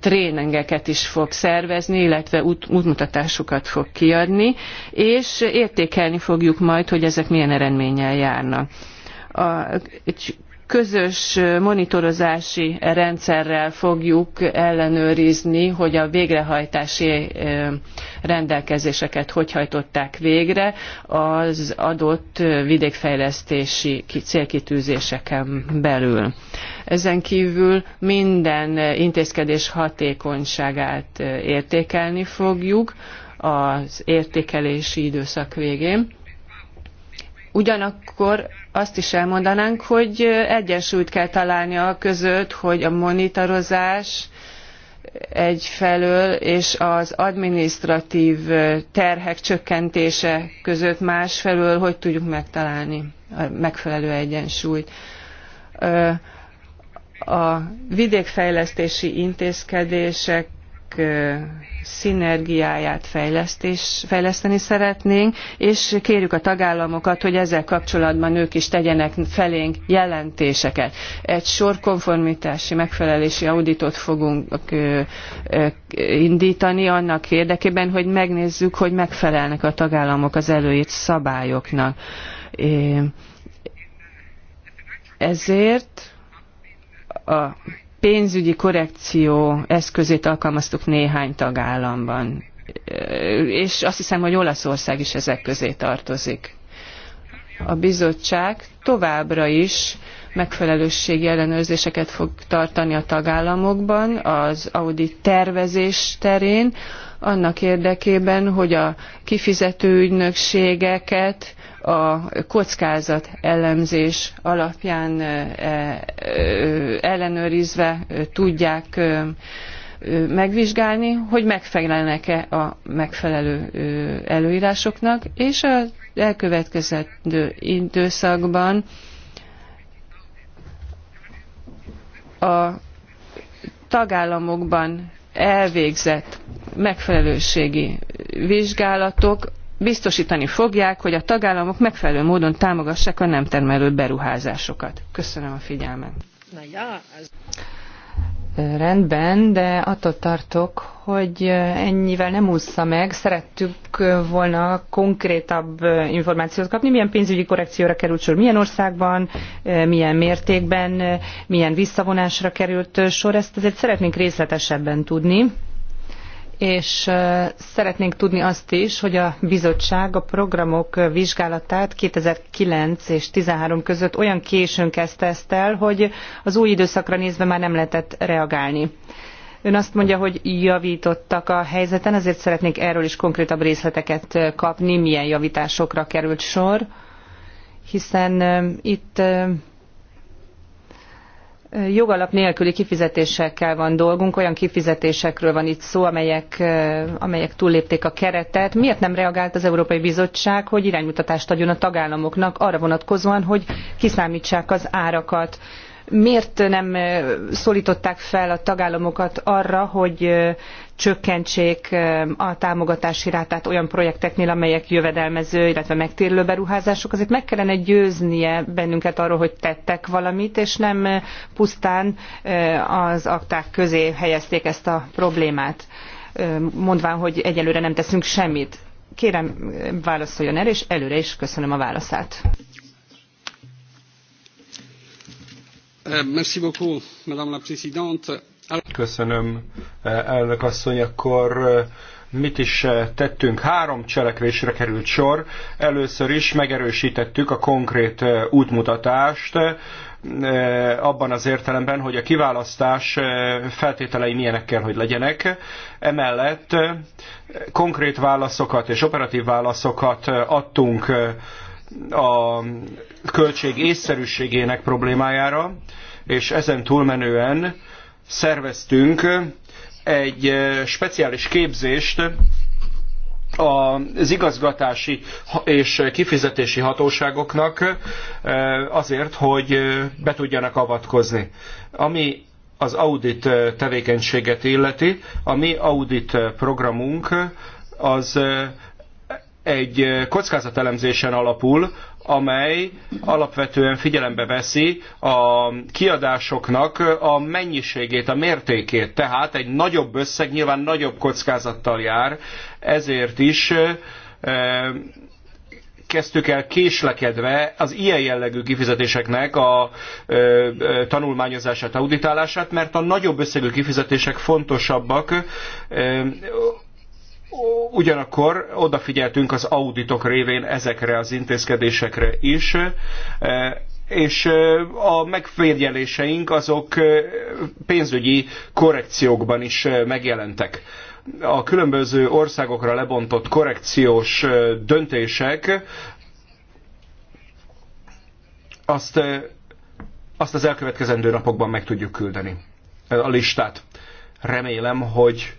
Speaker 2: tréningeket is fog szervezni, illetve ut- útmutatásukat fog kiadni, és értékelni fogjuk majd, hogy ezek milyen eredménnyel járnak. A közös monitorozási rendszerrel fogjuk ellenőrizni, hogy a végrehajtási rendelkezéseket hogy hajtották végre az adott vidékfejlesztési célkitűzéseken belül. Ezen kívül minden intézkedés hatékonyságát értékelni fogjuk az értékelési időszak végén Ugyanakkor azt is elmondanánk, hogy egyensúlyt kell találni a között, hogy a monitorozás egyfelől és az administratív terhek csökkentése között másfelől, hogy tudjuk megtalálni a megfelelő egyensúlyt. A vidékfejlesztési intézkedések szinergiáját fejlesztés, fejleszteni szeretnénk, és kérjük a tagállamokat, hogy ezzel kapcsolatban ők is tegyenek felénk jelentéseket. Egy sor konformitási megfelelési auditot fogunk indítani annak érdekében, hogy megnézzük, hogy megfelelnek a tagállamok az előírt szabályoknak. Ezért a pénzügyi korrekció eszközét alkalmaztuk néhány tagállamban. És azt hiszem, hogy Olaszország is ezek közé tartozik. A bizottság továbbra is megfelelősségi ellenőrzéseket fog tartani a tagállamokban az audit tervezés terén, annak érdekében, hogy a kifizető ügynökségeket a kockázat ellenzés alapján e, ellenőrizve tudják megvizsgálni, hogy megfelelnek-e a megfelelő előírásoknak, és az elkövetkezendő időszakban a tagállamokban elvégzett megfelelőségi vizsgálatok biztosítani fogják, hogy a tagállamok megfelelő módon támogassák a nem termelő beruházásokat. Köszönöm a figyelmet.
Speaker 1: Rendben, de attól tartok, hogy ennyivel nem ússza meg. Szerettük volna konkrétabb információt kapni, milyen pénzügyi korrekcióra került sor, milyen országban, milyen mértékben, milyen visszavonásra került sor. Ezt azért szeretnénk részletesebben tudni és szeretnénk tudni azt is, hogy a bizottság a programok vizsgálatát 2009 és 2013 között olyan későn kezdte ezt el, hogy az új időszakra nézve már nem lehetett reagálni. Ön azt mondja, hogy javítottak a helyzeten, ezért szeretnék erről is konkrétabb részleteket kapni, milyen javításokra került sor, hiszen itt jogalap nélküli kifizetésekkel van dolgunk, olyan kifizetésekről van itt szó, amelyek, amelyek túllépték a keretet. Miért nem reagált az Európai Bizottság, hogy iránymutatást adjon a tagállamoknak arra vonatkozóan, hogy kiszámítsák az árakat? miért nem szólították fel a tagállamokat arra, hogy csökkentsék a támogatási rátát olyan projekteknél, amelyek jövedelmező, illetve megtérülő beruházások. Azért meg kellene győznie bennünket arról, hogy tettek valamit, és nem pusztán az akták közé helyezték ezt a problémát, mondván, hogy egyelőre nem teszünk semmit. Kérem, válaszoljon el, és előre is köszönöm a válaszát. Euh,
Speaker 3: Köszönöm, eh, elnök asszony, akkor eh, mit is eh, tettünk. Három cselekvésre került sor. Először is megerősítettük a konkrét útmutatást, abban az értelemben, hogy a kiválasztás feltételei milyenek kell, hogy legyenek. Emellett konkrét válaszokat és operatív válaszokat adtunk a költség észszerűségének problémájára, és ezen túlmenően szerveztünk egy speciális képzést az igazgatási és kifizetési hatóságoknak azért, hogy be tudjanak avatkozni. Ami az audit tevékenységet illeti, a mi audit programunk az egy kockázatelemzésen alapul, amely alapvetően figyelembe veszi a kiadásoknak a mennyiségét, a mértékét. Tehát egy nagyobb összeg nyilván nagyobb kockázattal jár, ezért is kezdtük el késlekedve az ilyen jellegű kifizetéseknek a ö, ö, tanulmányozását, auditálását, mert a nagyobb összegű kifizetések fontosabbak. Ö, Ugyanakkor odafigyeltünk az auditok révén ezekre az intézkedésekre is, e, és e, a megférjeléseink azok e, pénzügyi korrekciókban is megjelentek. A különböző országokra lebontott korrekciós döntések azt, azt az elkövetkezendő napokban meg tudjuk küldeni. A listát. Remélem, hogy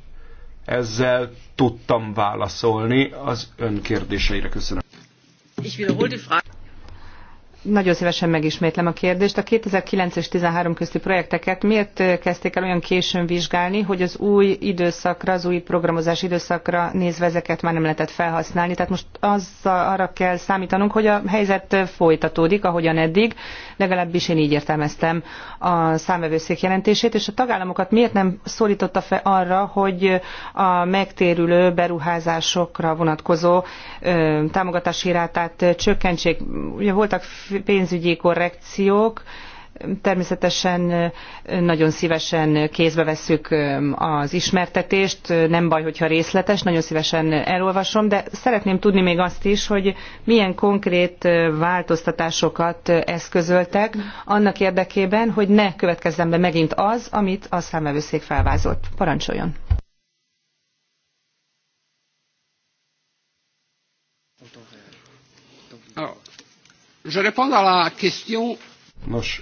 Speaker 3: ezzel tudtam válaszolni az ön kérdéseire. Köszönöm
Speaker 1: nagyon szívesen megismétlem a kérdést. A 2009 és 13 közti projekteket miért kezdték el olyan későn vizsgálni, hogy az új időszakra, az új programozás időszakra nézve ezeket már nem lehetett felhasználni? Tehát most az, arra kell számítanunk, hogy a helyzet folytatódik, ahogyan eddig, legalábbis én így értelmeztem a számvevőszék jelentését, és a tagállamokat miért nem szólította fel arra, hogy a megtérülő beruházásokra vonatkozó támogatási rátát csökkentsék? Ugye voltak pénzügyi korrekciók, Természetesen nagyon szívesen kézbe vesszük az ismertetést, nem baj, hogyha részletes, nagyon szívesen elolvasom, de szeretném tudni még azt is, hogy milyen konkrét változtatásokat eszközöltek annak érdekében, hogy ne következzen be megint az, amit a számvevőszék felvázolt. Parancsoljon!
Speaker 3: Je réponds à la question... Nos,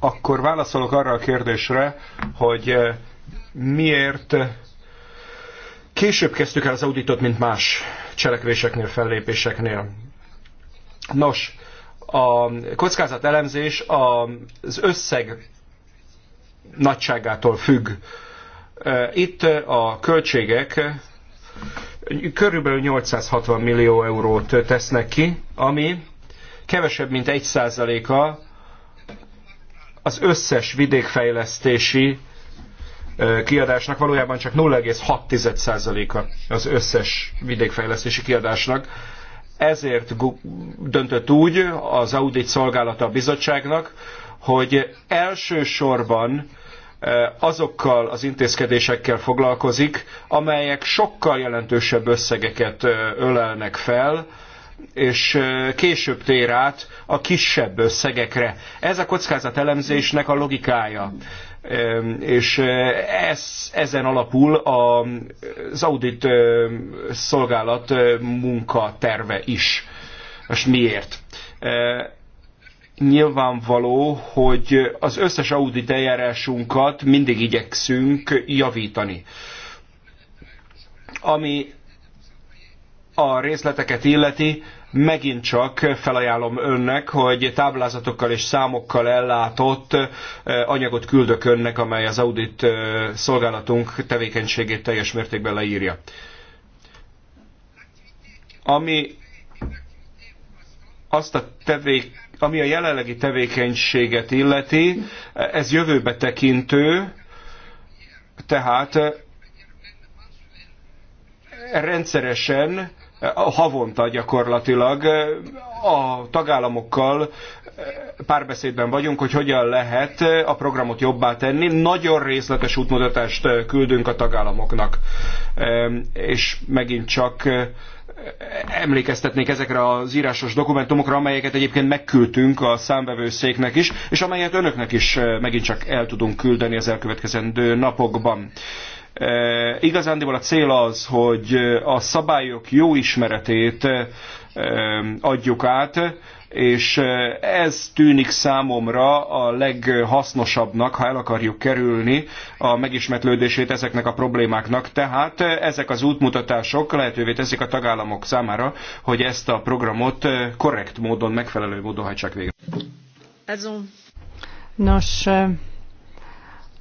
Speaker 3: akkor válaszolok arra a kérdésre, hogy eh, miért eh, később kezdtük el az auditot, mint más cselekvéseknél, fellépéseknél. Nos, a kockázat elemzés az összeg nagyságától függ. Eh, itt a költségek körülbelül 860 millió eurót tesznek ki, ami kevesebb, mint 1%-a az összes vidékfejlesztési kiadásnak valójában csak 0,6%-a az összes vidékfejlesztési kiadásnak. Ezért döntött úgy az audit szolgálata a bizottságnak, hogy elsősorban azokkal az intézkedésekkel foglalkozik, amelyek sokkal jelentősebb összegeket ölelnek fel, és később tér át a kisebb összegekre. Ez a kockázatelemzésnek a logikája és ez, ezen alapul a, az audit szolgálat munkaterve is. És miért? Nyilvánvaló, hogy az összes audit eljárásunkat mindig igyekszünk javítani. Ami a részleteket illeti, megint csak felajánlom önnek, hogy táblázatokkal és számokkal ellátott anyagot küldök önnek, amely az audit szolgálatunk tevékenységét teljes mértékben leírja. Ami azt a tevék, ami a jelenlegi tevékenységet illeti, ez jövőbe tekintő, tehát rendszeresen havonta gyakorlatilag a tagállamokkal párbeszédben vagyunk, hogy hogyan lehet a programot jobbá tenni. Nagyon részletes útmutatást küldünk a tagállamoknak. És megint csak emlékeztetnék ezekre az írásos dokumentumokra, amelyeket egyébként megküldtünk a számvevőszéknek is, és amelyet önöknek is megint csak el tudunk küldeni az elkövetkezendő napokban. Igazándiból a cél az, hogy a szabályok jó ismeretét adjuk át, és ez tűnik számomra a leghasznosabbnak, ha el akarjuk kerülni a megismetlődését ezeknek a problémáknak. Tehát ezek az útmutatások lehetővé teszik a tagállamok számára, hogy ezt a programot korrekt módon, megfelelő módon hajtsák végre.
Speaker 1: Nos,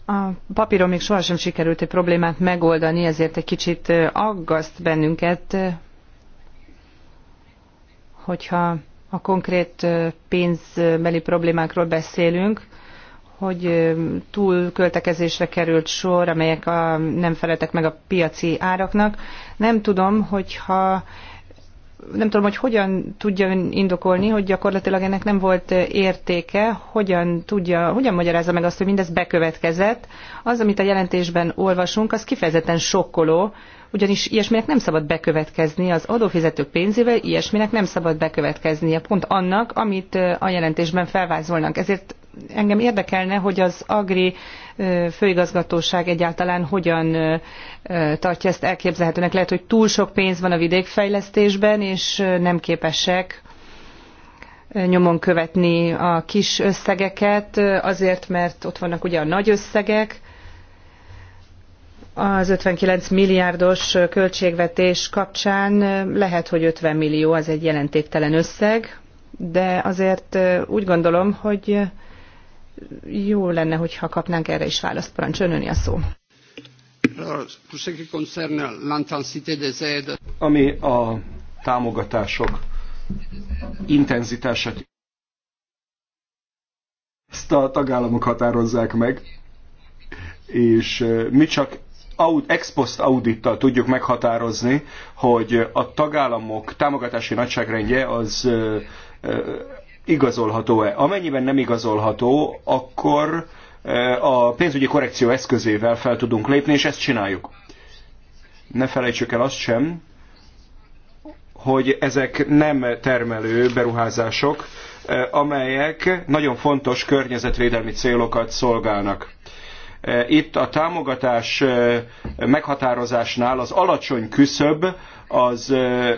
Speaker 1: a papíron még sohasem sikerült egy problémát megoldani, ezért egy kicsit aggaszt bennünket, hogyha a konkrét pénzbeli problémákról beszélünk, hogy túl költekezésre került sor, amelyek a, nem feleltek meg a piaci áraknak. Nem tudom, hogyha nem tudom, hogy hogyan tudja ön indokolni, hogy gyakorlatilag ennek nem volt értéke, hogyan, tudja, hogyan magyarázza meg azt, hogy mindez bekövetkezett. Az, amit a jelentésben olvasunk, az kifejezetten sokkoló, ugyanis ilyesminek nem szabad bekövetkezni az adófizetők pénzével, ilyesminek nem szabad bekövetkeznie, pont annak, amit a jelentésben felvázolnak. Ezért engem érdekelne, hogy az Agri főigazgatóság egyáltalán hogyan tartja ezt elképzelhetőnek. Lehet, hogy túl sok pénz van a vidékfejlesztésben, és nem képesek nyomon követni a kis összegeket, azért, mert ott vannak ugye a nagy összegek, az 59 milliárdos költségvetés kapcsán lehet, hogy 50 millió az egy jelentéktelen összeg, de azért úgy gondolom, hogy jó lenne, hogyha kapnánk erre is választ. Parancs, önöni a szó.
Speaker 3: Ami a támogatások intenzitását, ezt a tagállamok határozzák meg, és mi csak ex post audittal tudjuk meghatározni, hogy a tagállamok támogatási nagyságrendje az igazolható-e. Amennyiben nem igazolható, akkor e, a pénzügyi korrekció eszközével fel tudunk lépni, és ezt csináljuk. Ne felejtsük el azt sem, hogy ezek nem termelő beruházások, e, amelyek nagyon fontos környezetvédelmi célokat szolgálnak. E, itt a támogatás meghatározásnál az alacsony küszöb az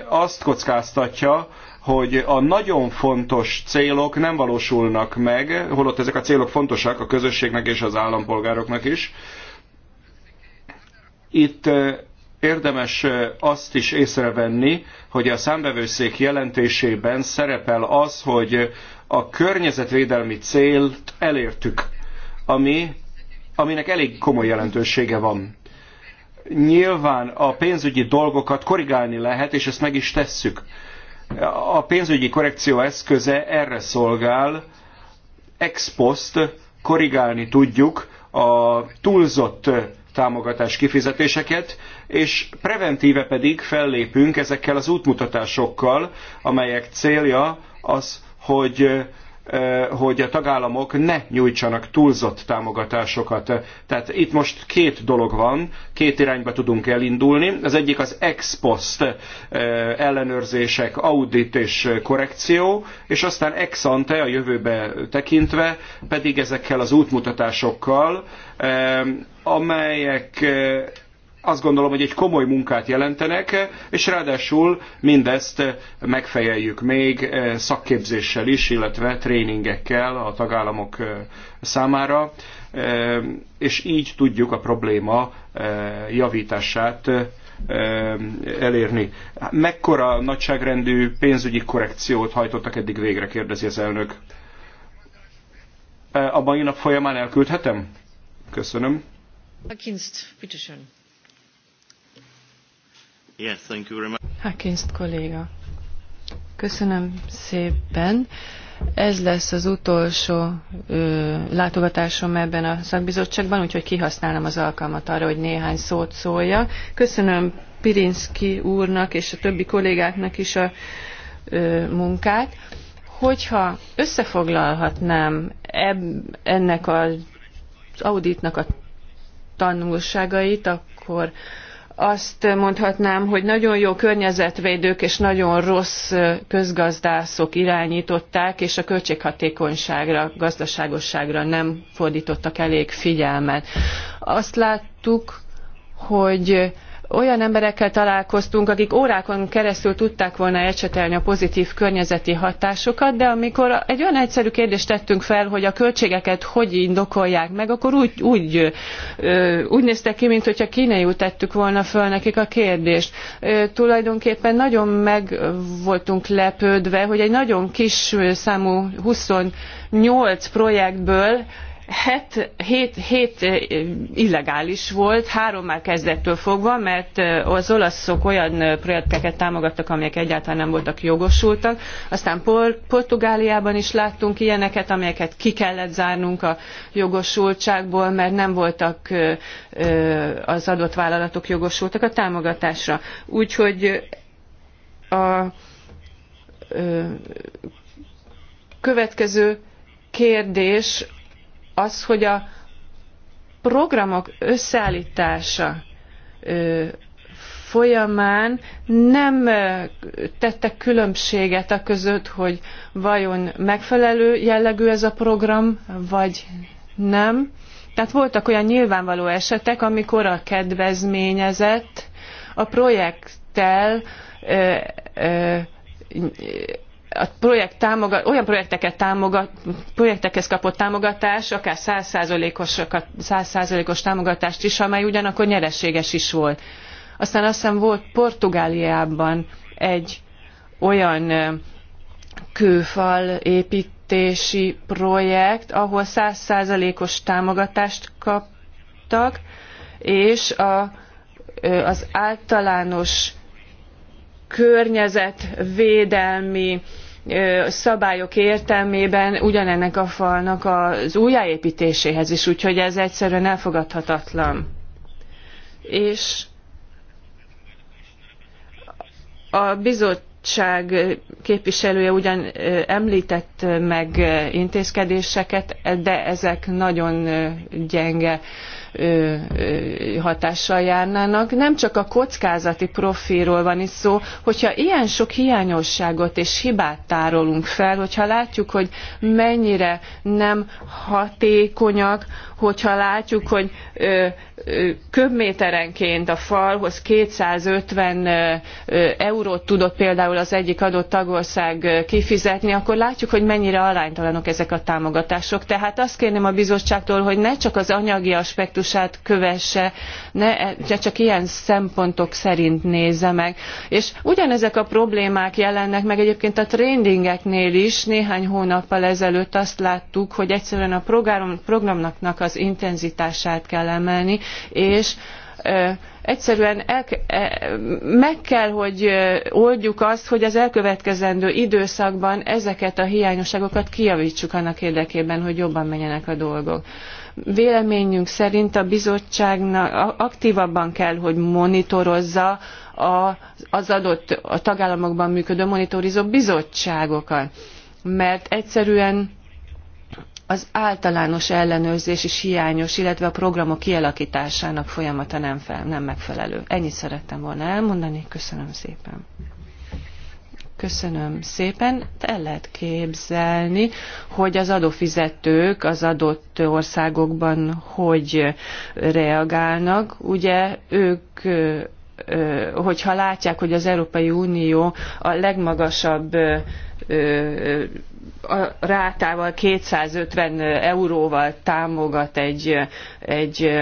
Speaker 3: azt kockáztatja, hogy a nagyon fontos célok nem valósulnak meg, holott ezek a célok fontosak a közösségnek és az állampolgároknak is. Itt érdemes azt is észrevenni, hogy a számbevőszék jelentésében szerepel az, hogy a környezetvédelmi célt elértük, ami, aminek elég komoly jelentősége van. Nyilván a pénzügyi dolgokat korrigálni lehet, és ezt meg is tesszük. A pénzügyi korrekció eszköze erre szolgál, ex post korrigálni tudjuk a túlzott támogatás kifizetéseket, és preventíve pedig fellépünk ezekkel az útmutatásokkal, amelyek célja az, hogy hogy a tagállamok ne nyújtsanak túlzott támogatásokat. Tehát itt most két dolog van, két irányba tudunk elindulni. Az egyik az ex post ellenőrzések, audit és korrekció, és aztán ex ante a jövőbe tekintve pedig ezekkel az útmutatásokkal, amelyek azt gondolom, hogy egy komoly munkát jelentenek, és ráadásul mindezt megfejeljük még eh, szakképzéssel is, illetve tréningekkel a tagállamok eh, számára, eh, és így tudjuk a probléma javítását elérni. Mekkora nagyságrendű pénzügyi korrekciót hajtottak eddig végre, kérdezi az elnök. A mai nap folyamán elküldhetem? Köszönöm.
Speaker 2: Kinst, bitteschön.
Speaker 1: Yes, thank you very
Speaker 2: much. kolléga. Köszönöm szépen. Ez lesz az utolsó ö, látogatásom ebben a szakbizottságban, úgyhogy kihasználom az alkalmat arra, hogy néhány szót szóljak. Köszönöm Pirinski úrnak és a többi kollégáknak is a ö, munkát. Hogyha összefoglalhatnám eb, ennek az auditnak a tanulságait, akkor ö, azt mondhatnám, hogy nagyon jó környezetvédők és nagyon rossz közgazdászok irányították, és a költséghatékonyságra, gazdaságosságra nem fordítottak elég figyelmet. Azt láttuk, hogy olyan emberekkel találkoztunk, akik órákon keresztül tudták volna ecsetelni a pozitív környezeti hatásokat, de amikor egy olyan egyszerű kérdést tettünk fel, hogy a költségeket hogy indokolják meg, akkor úgy, úgy, úgy néztek ki, mintha kínaiul tettük volna föl nekik a kérdést. Tulajdonképpen nagyon meg voltunk lepődve, hogy egy nagyon kis számú 28 projektből het, hét, hét eh, illegális volt, három már kezdettől fogva, mert eh, az olaszok olyan eh, projekteket támogattak, amelyek egyáltalán nem voltak jogosultak. Aztán Portugáliában is láttunk ilyeneket, amelyeket ki kellett zárnunk a jogosultságból, mert nem voltak az adott vállalatok jogosultak a támogatásra. Úgyhogy a következő kérdés az, hogy a programok összeállítása folyamán nem tettek különbséget a között, hogy vajon megfelelő jellegű ez a program, vagy nem. Tehát voltak olyan nyilvánvaló esetek, amikor a kedvezményezett a projekttel ö, ö, a projekt támogat, olyan projekteket támogat, projektekhez kapott támogatás, akár 100%-os támogatást is, amely ugyanakkor nyereséges is volt. Aztán azt hiszem volt Portugáliában egy olyan kőfal építési projekt, ahol 100%-os támogatást kaptak, és a, az általános környezetvédelmi szabályok értelmében ugyanennek a falnak az újjáépítéséhez is, úgyhogy ez egyszerűen elfogadhatatlan. És a bizottság képviselője ugyan említett meg intézkedéseket, de ezek nagyon gyenge hatással járnának. Nem csak a kockázati profilról van is szó, hogyha ilyen sok hiányosságot és hibát tárolunk fel, hogyha látjuk, hogy mennyire nem hatékonyak, hogyha látjuk, hogy köbméterenként a falhoz 250 eurót tudott például az egyik adott tagország kifizetni, akkor látjuk, hogy mennyire aránytalanok ezek a támogatások. Tehát azt kérném a bizottságtól, hogy ne csak az anyagi aspektusát kövesse, ne, ne csak ilyen szempontok szerint nézze meg. És ugyanezek a problémák jelennek meg egyébként a trendingeknél is. Néhány hónappal ezelőtt azt láttuk, hogy egyszerűen a program, programnak az intenzitását kell emelni, és egyszerűen el, e, meg kell, hogy oldjuk azt, hogy az elkövetkezendő időszakban ezeket a hiányosságokat kijavítsuk annak érdekében, hogy jobban menjenek a dolgok. Véleményünk szerint a bizottságnak aktívabban kell, hogy monitorozza az adott a tagállamokban működő monitorizó bizottságokat, mert egyszerűen az általános ellenőrzés is hiányos, illetve a programok kialakításának folyamata nem, fel, nem megfelelő. Ennyit szerettem volna elmondani. Köszönöm szépen. Köszönöm szépen. El lehet képzelni, hogy az adófizetők az adott országokban hogy reagálnak. Ugye ők hogyha látják, hogy az Európai Unió a legmagasabb a rátával 250 euróval támogat egy, egy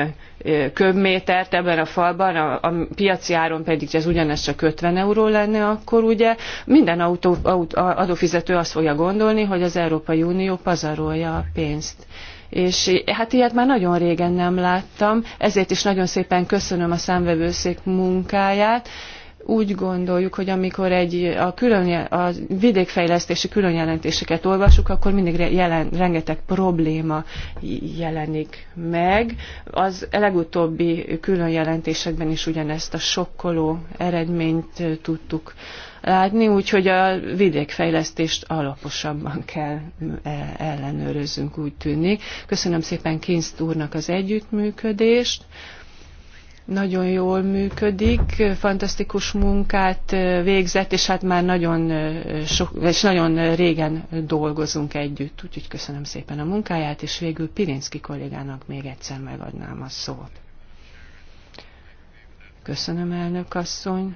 Speaker 2: köbmétert ebben a falban, a, a piaci áron pedig ez ugyanez csak 50 euró lenne, akkor ugye minden autó, autó, adófizető azt fogja gondolni, hogy az Európai Unió pazarolja a pénzt. És eh, hát ilyet már nagyon régen nem láttam, ezért is nagyon szépen köszönöm a számvevőszék munkáját, úgy gondoljuk, hogy amikor egy, a, külön, a vidékfejlesztési különjelentéseket olvasuk, akkor mindig jelen, rengeteg probléma jelenik meg. Az legutóbbi különjelentésekben is ugyanezt a sokkoló eredményt tudtuk látni, úgyhogy a vidékfejlesztést alaposabban kell e, ellenőrözzünk, úgy tűnik. Köszönöm szépen Kinszt úrnak az együttműködést nagyon jól működik, fantasztikus munkát végzett, és hát már nagyon, sok, és nagyon régen dolgozunk együtt, úgyhogy köszönöm szépen a munkáját, és végül Pirinszki kollégának még egyszer megadnám a szót. Köszönöm, elnök asszony.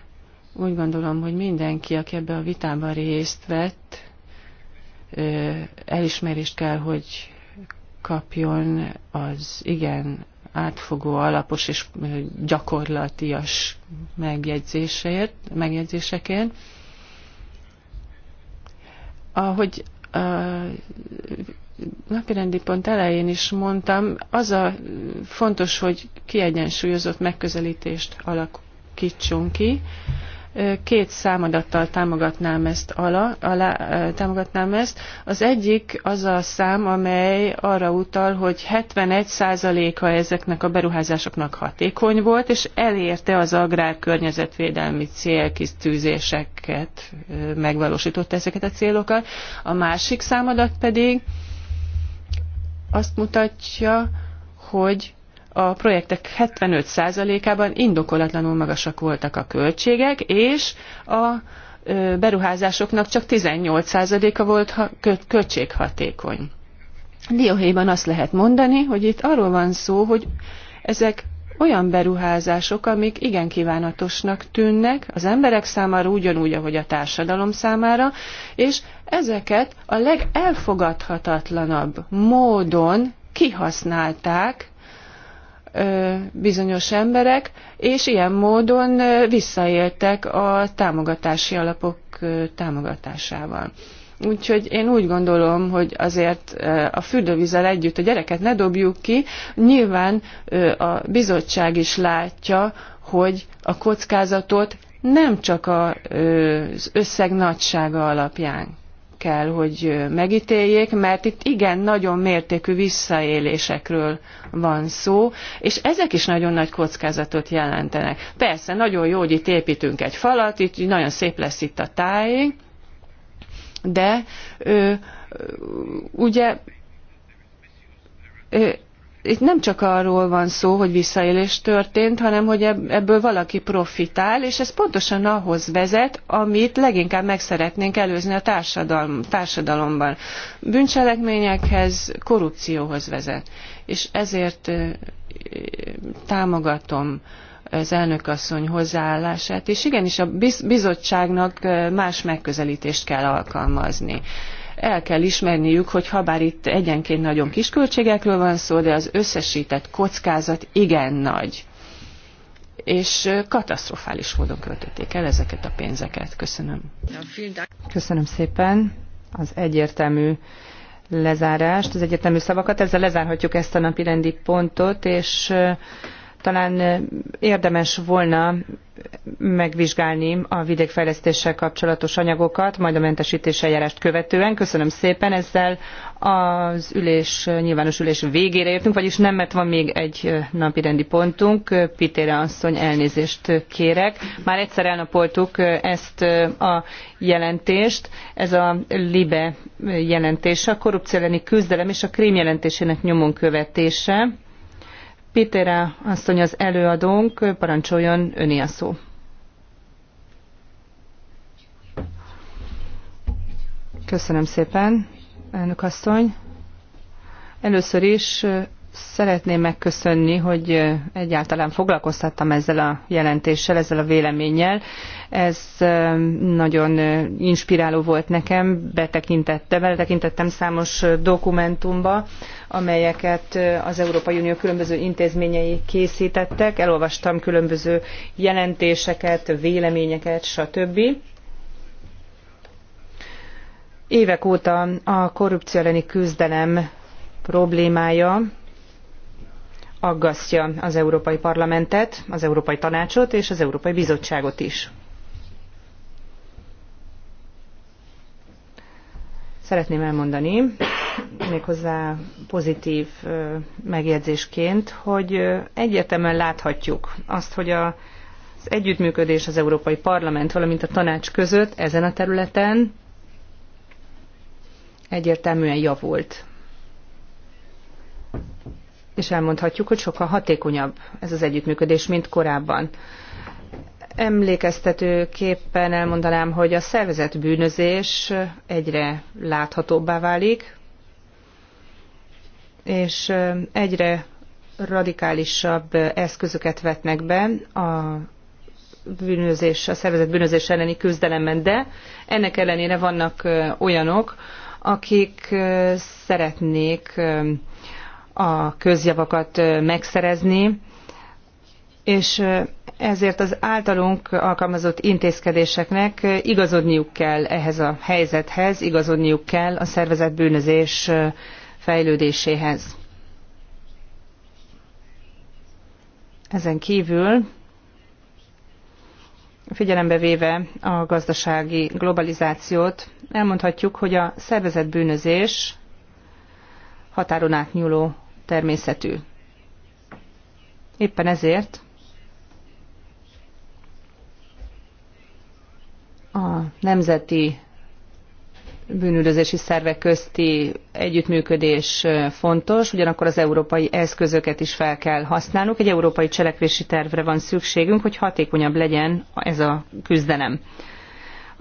Speaker 2: Úgy gondolom, hogy mindenki, aki ebbe a vitába részt vett, elismerést kell, hogy kapjon az igen átfogó, alapos és gyakorlatias megjegyzéseért, megjegyzésekért. Ahogy a napirendi pont elején is mondtam, az a fontos, hogy kiegyensúlyozott megközelítést alakítsunk ki, két számadattal támogatnám ezt, ala, alá, támogatnám ezt. Az egyik az a szám, amely arra utal, hogy 71%-a ezeknek a beruházásoknak hatékony volt, és elérte az agrárkörnyezetvédelmi célkisztűzéseket, megvalósította ezeket a célokat. A másik számadat pedig azt mutatja, hogy a projektek 75%-ában indokolatlanul magasak voltak a költségek, és a beruházásoknak csak 18%-a volt költséghatékony. Dióhéjban azt lehet mondani, hogy itt arról van szó, hogy ezek olyan beruházások, amik igen kívánatosnak tűnnek az emberek számára, ugyanúgy, ahogy a társadalom számára, és ezeket a legelfogadhatatlanabb módon kihasználták bizonyos emberek, és ilyen módon visszaéltek a támogatási alapok támogatásával. Úgyhogy én úgy gondolom, hogy azért a fürdővízzel együtt a gyereket ne dobjuk ki. Nyilván a bizottság is látja, hogy a kockázatot nem csak az összeg nagysága alapján kell, hogy megítéljék, mert itt igen, nagyon mértékű visszaélésekről van szó, és ezek is nagyon nagy kockázatot jelentenek. Persze, nagyon jó, hogy itt építünk egy falat, itt nagyon szép lesz itt a táj, de ö, ugye ö, itt nem csak arról van szó, hogy visszaélés történt, hanem hogy ebből valaki profitál, és ez pontosan ahhoz vezet, amit leginkább meg szeretnénk előzni a társadalom, társadalomban. Bűncselekményekhez, korrupcióhoz vezet. És ezért támogatom az elnökasszony hozzáállását, és igenis a bizottságnak más megközelítést kell alkalmazni el kell ismerniük, hogy bár itt egyenként nagyon kis költségekről van szó, de az összesített kockázat igen nagy. És katasztrofális módon költötték
Speaker 1: el ezeket a pénzeket. Köszönöm. Köszönöm szépen az egyértelmű lezárást, az egyértelmű szavakat. Ezzel lezárhatjuk ezt a napi rendi pontot, és talán érdemes volna megvizsgálni a vidékfejlesztéssel kapcsolatos anyagokat, majd a mentesítés eljárást követően. Köszönöm szépen, ezzel az ülés, nyilvános ülés végére értünk, vagyis nem, mert van még egy napi rendi pontunk. Pitére asszony elnézést kérek. Már egyszer elnapoltuk ezt a jelentést. Ez a LIBE jelentése, a korrupció elleni küzdelem és a krím jelentésének nyomon követése. Pitera asszony az előadónk, parancsoljon öné a szó. Köszönöm szépen, elnök asszony. Először is szeretném megköszönni, hogy egyáltalán foglalkoztattam ezzel a jelentéssel, ezzel a véleménnyel. Ez nagyon inspiráló volt nekem, betekintettem, számos dokumentumba, amelyeket az Európai Unió különböző intézményei készítettek, elolvastam különböző jelentéseket, véleményeket, stb. Évek óta a korrupció elleni küzdelem problémája aggasztja az Európai Parlamentet, az Európai Tanácsot és az Európai Bizottságot is. Szeretném elmondani, méghozzá pozitív megjegyzésként, hogy egyértelműen láthatjuk azt, hogy a, az együttműködés az Európai Parlament, valamint a tanács között ezen a területen egyértelműen javult és elmondhatjuk, hogy sokkal hatékonyabb ez az együttműködés, mint korábban. Emlékeztetőképpen elmondanám, hogy a szervezet bűnözés egyre láthatóbbá válik, és egyre radikálisabb eszközöket vetnek be a bűnözés, a szervezet bűnözés elleni küzdelemben, de ennek ellenére vannak olyanok, akik szeretnék a közjavakat megszerezni, és ezért az általunk alkalmazott intézkedéseknek igazodniuk kell ehhez a helyzethez, igazodniuk kell a szervezett bűnözés fejlődéséhez. Ezen kívül figyelembe véve a gazdasági globalizációt, elmondhatjuk, hogy a szervezett bűnözés határon átnyúló természetű. Éppen ezért a nemzeti bűnüldözési szervek közti együttműködés fontos, ugyanakkor az európai eszközöket is fel kell használnunk. Egy európai cselekvési tervre van szükségünk, hogy hatékonyabb legyen ez a küzdelem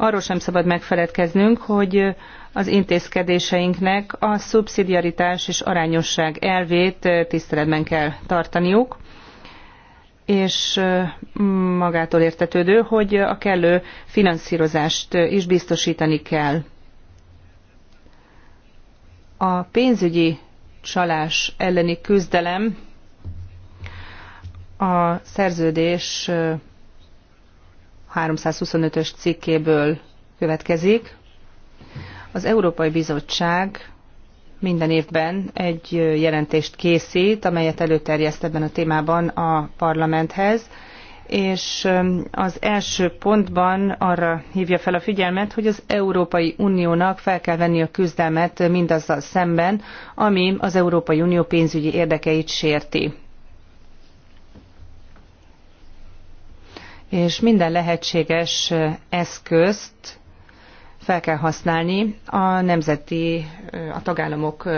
Speaker 1: arról sem szabad megfeledkeznünk, hogy az intézkedéseinknek a szubszidiaritás és arányosság elvét eh, tiszteletben kell tartaniuk, és eh, magától értetődő, hogy a kellő finanszírozást eh, is biztosítani kell. A pénzügyi csalás elleni küzdelem a szerződés 325-ös cikkéből következik. Az Európai Bizottság minden évben egy jelentést készít, amelyet előterjeszt ebben a témában a parlamenthez, és az első pontban arra hívja fel a figyelmet, hogy az Európai Uniónak fel kell venni a küzdelmet mindazzal szemben, ami az Európai Unió pénzügyi érdekeit sérti. és minden lehetséges eszközt fel kell használni a nemzeti, a tagállamok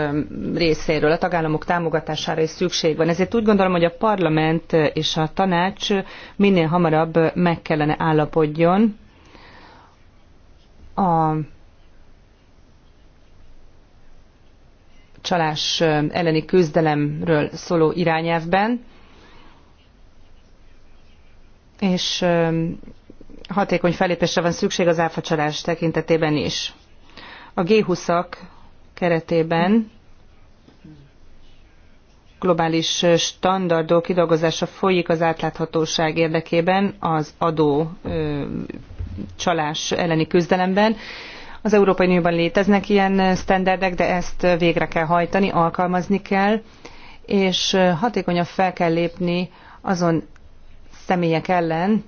Speaker 1: részéről, a tagállamok támogatására is szükség van. Ezért úgy gondolom, hogy a parlament és a tanács minél hamarabb meg kellene állapodjon a csalás elleni küzdelemről szóló irányelvben, és hatékony felépésre van szükség az áfacsalás tekintetében is. A G20-ak keretében globális standardok kidolgozása folyik az átláthatóság érdekében az adó csalás elleni küzdelemben. Az Európai Unióban léteznek ilyen standardek, de ezt végre kell hajtani, alkalmazni kell, és hatékonyan fel kell lépni azon személyek ellen,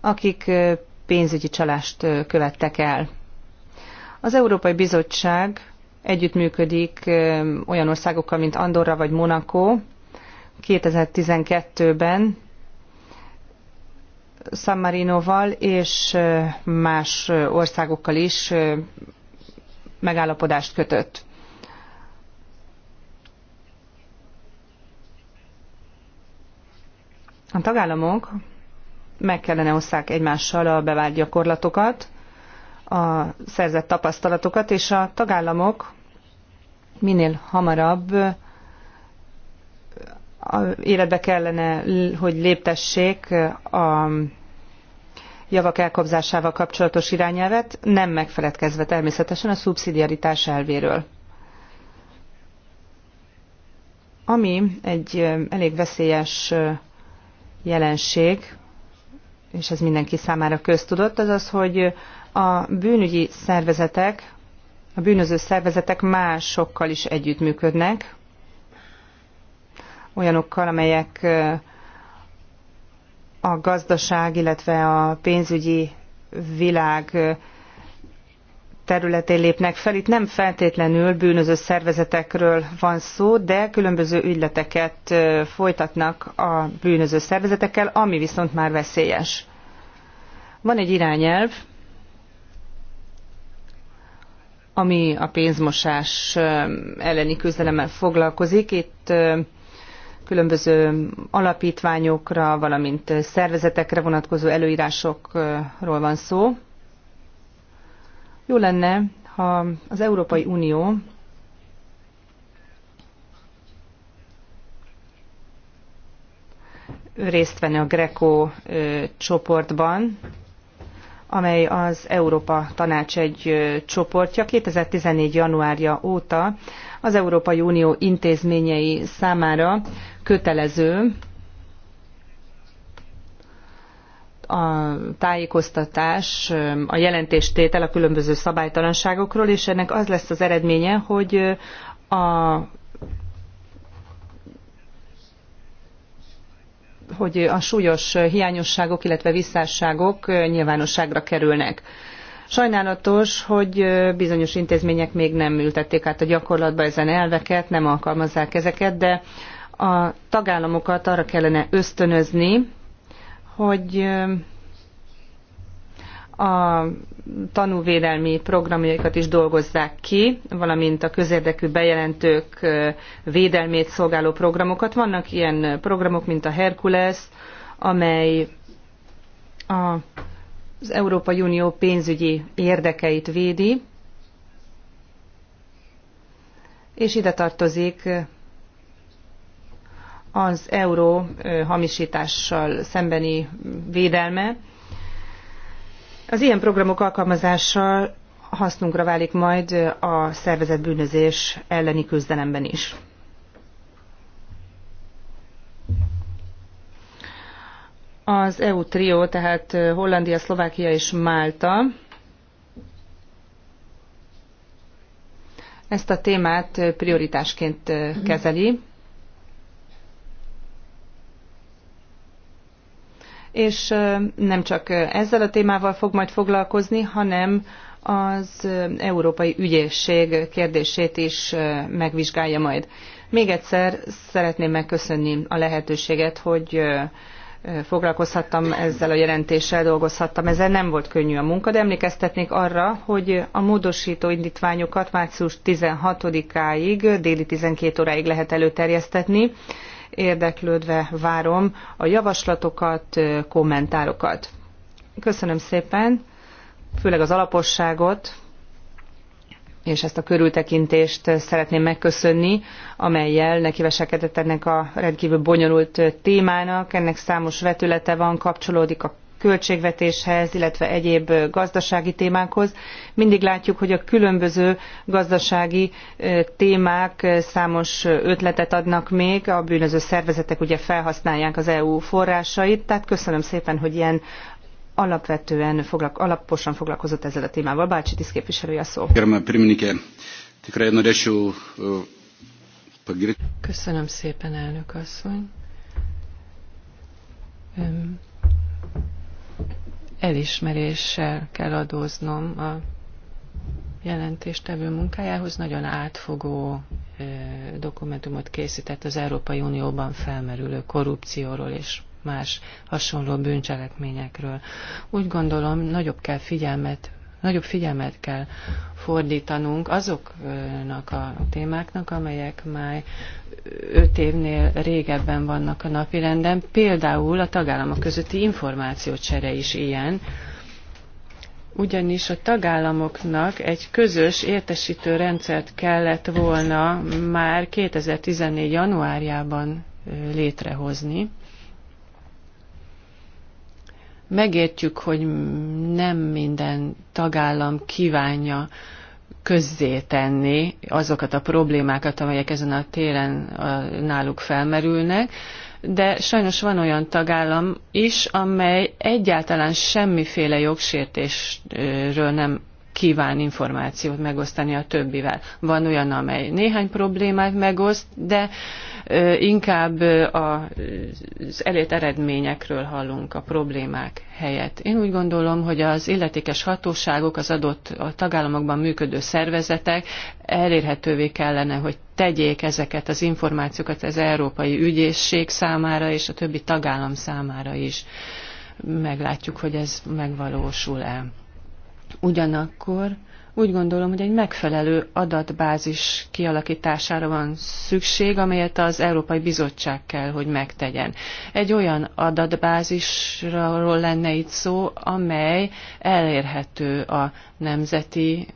Speaker 1: akik pénzügyi csalást követtek el. Az Európai Bizottság együttműködik olyan országokkal, mint Andorra vagy Monaco. 2012-ben San Marinoval és más országokkal is megállapodást kötött. A tagállamok meg kellene osszák egymással a bevált gyakorlatokat, a szerzett tapasztalatokat, és a tagállamok minél hamarabb életbe kellene, hogy léptessék a javak elkobzásával kapcsolatos irányelvet, nem megfeledkezve természetesen a szubszidiaritás elvéről. Ami egy elég veszélyes jelenség, és ez mindenki számára köztudott, az az, hogy a bűnügyi szervezetek, a bűnöző szervezetek másokkal is együttműködnek, olyanokkal, amelyek a gazdaság, illetve a pénzügyi világ területén lépnek fel. Itt nem feltétlenül bűnöző szervezetekről van szó, de különböző ügyleteket folytatnak a bűnöző szervezetekkel, ami viszont már veszélyes. Van egy irányelv, ami a pénzmosás elleni küzdelemmel foglalkozik. Itt különböző alapítványokra, valamint szervezetekre vonatkozó előírásokról van szó. Jó lenne, ha az Európai Unió részt venne a Greco csoportban, amely az Európa Tanács egy csoportja 2014. januárja óta az Európai Unió intézményei számára kötelező a tájékoztatás, a jelentéstétel a különböző szabálytalanságokról, és ennek az lesz az eredménye, hogy a hogy a súlyos hiányosságok, illetve visszásságok nyilvánosságra kerülnek. Sajnálatos, hogy bizonyos intézmények még nem ültették át a gyakorlatba ezen elveket, nem alkalmazzák ezeket, de a tagállamokat arra kellene ösztönözni, hogy a tanúvédelmi programjaikat is dolgozzák ki, valamint a közérdekű bejelentők védelmét szolgáló programokat. Vannak ilyen programok, mint a Herkules, amely a az Európai Unió pénzügyi érdekeit védi, és ide tartozik az euró hamisítással szembeni védelme. Az ilyen programok alkalmazása hasznunkra válik majd a szervezetbűnözés bűnözés elleni küzdelemben is. Az EU trió, tehát Hollandia, Szlovákia és Málta ezt a témát prioritásként kezeli. Mm és nem csak ezzel a témával fog majd foglalkozni, hanem az Európai Ügyészség kérdését is megvizsgálja majd. Még egyszer szeretném megköszönni a lehetőséget, hogy foglalkozhattam ezzel a jelentéssel, dolgozhattam ezzel. Nem volt könnyű a munka, de emlékeztetnék arra, hogy a módosító indítványokat március 16-áig, déli 12 óráig lehet előterjesztetni, érdeklődve várom a javaslatokat, kommentárokat. Köszönöm szépen, főleg az alaposságot, és ezt a körültekintést szeretném megköszönni, amelyel nekiveselkedett ennek a rendkívül bonyolult témának. Ennek számos vetülete van, kapcsolódik a költségvetéshez, illetve egyéb gazdasági témákhoz. Mindig látjuk, hogy a különböző gazdasági témák számos ötletet adnak még, a bűnöző szervezetek ugye felhasználják az EU forrásait, tehát köszönöm szépen, hogy ilyen alapvetően foglak, alaposan foglalkozott ezzel a témával. Bácsi tisztképviselője a szó. Köszönöm szépen, elnök
Speaker 2: asszony elismeréssel kell adóznom a jelentéstevő munkájához. Nagyon átfogó dokumentumot készített az Európai Unióban felmerülő korrupcióról és más hasonló bűncselekményekről. Úgy gondolom, nagyobb kell figyelmet nagyobb figyelmet kell fordítanunk azoknak a témáknak, amelyek már öt évnél régebben vannak a napirenden. Például a tagállamok közötti információcsere is ilyen, ugyanis a tagállamoknak egy közös értesítő rendszert kellett volna már 2014. januárjában létrehozni. Megértjük, hogy nem minden tagállam kívánja közzétenni azokat a problémákat, amelyek ezen a téren náluk felmerülnek, de sajnos van olyan tagállam is, amely egyáltalán semmiféle jogsértésről nem kíván információt megosztani a többivel. Van olyan, amely néhány problémát megoszt, de inkább az elért eredményekről hallunk a problémák helyett. Én úgy gondolom, hogy az illetékes hatóságok, az adott a tagállamokban működő szervezetek elérhetővé kellene, hogy tegyék ezeket az információkat az Európai Ügyészség számára és a többi tagállam számára is. Meglátjuk, hogy ez megvalósul-e. Ugyanakkor úgy gondolom, hogy egy megfelelő adatbázis kialakítására van szükség, amelyet az Európai Bizottság kell, hogy megtegyen. Egy olyan adatbázisról lenne itt szó, amely elérhető a nemzeti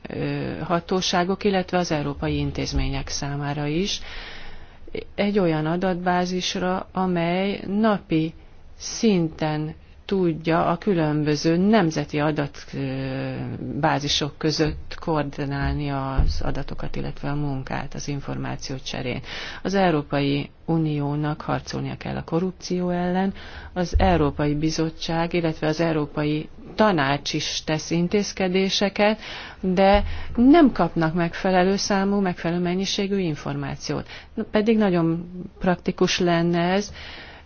Speaker 2: hatóságok, illetve az európai intézmények számára is. Egy olyan adatbázisra, amely napi szinten tudja a különböző nemzeti adatbázisok között koordinálni az adatokat, illetve a munkát, az információt cserén. Az Európai Uniónak harcolnia kell a korrupció ellen, az Európai Bizottság, illetve az Európai Tanács is tesz intézkedéseket, de nem kapnak megfelelő számú, megfelelő mennyiségű információt. Pedig nagyon praktikus lenne ez,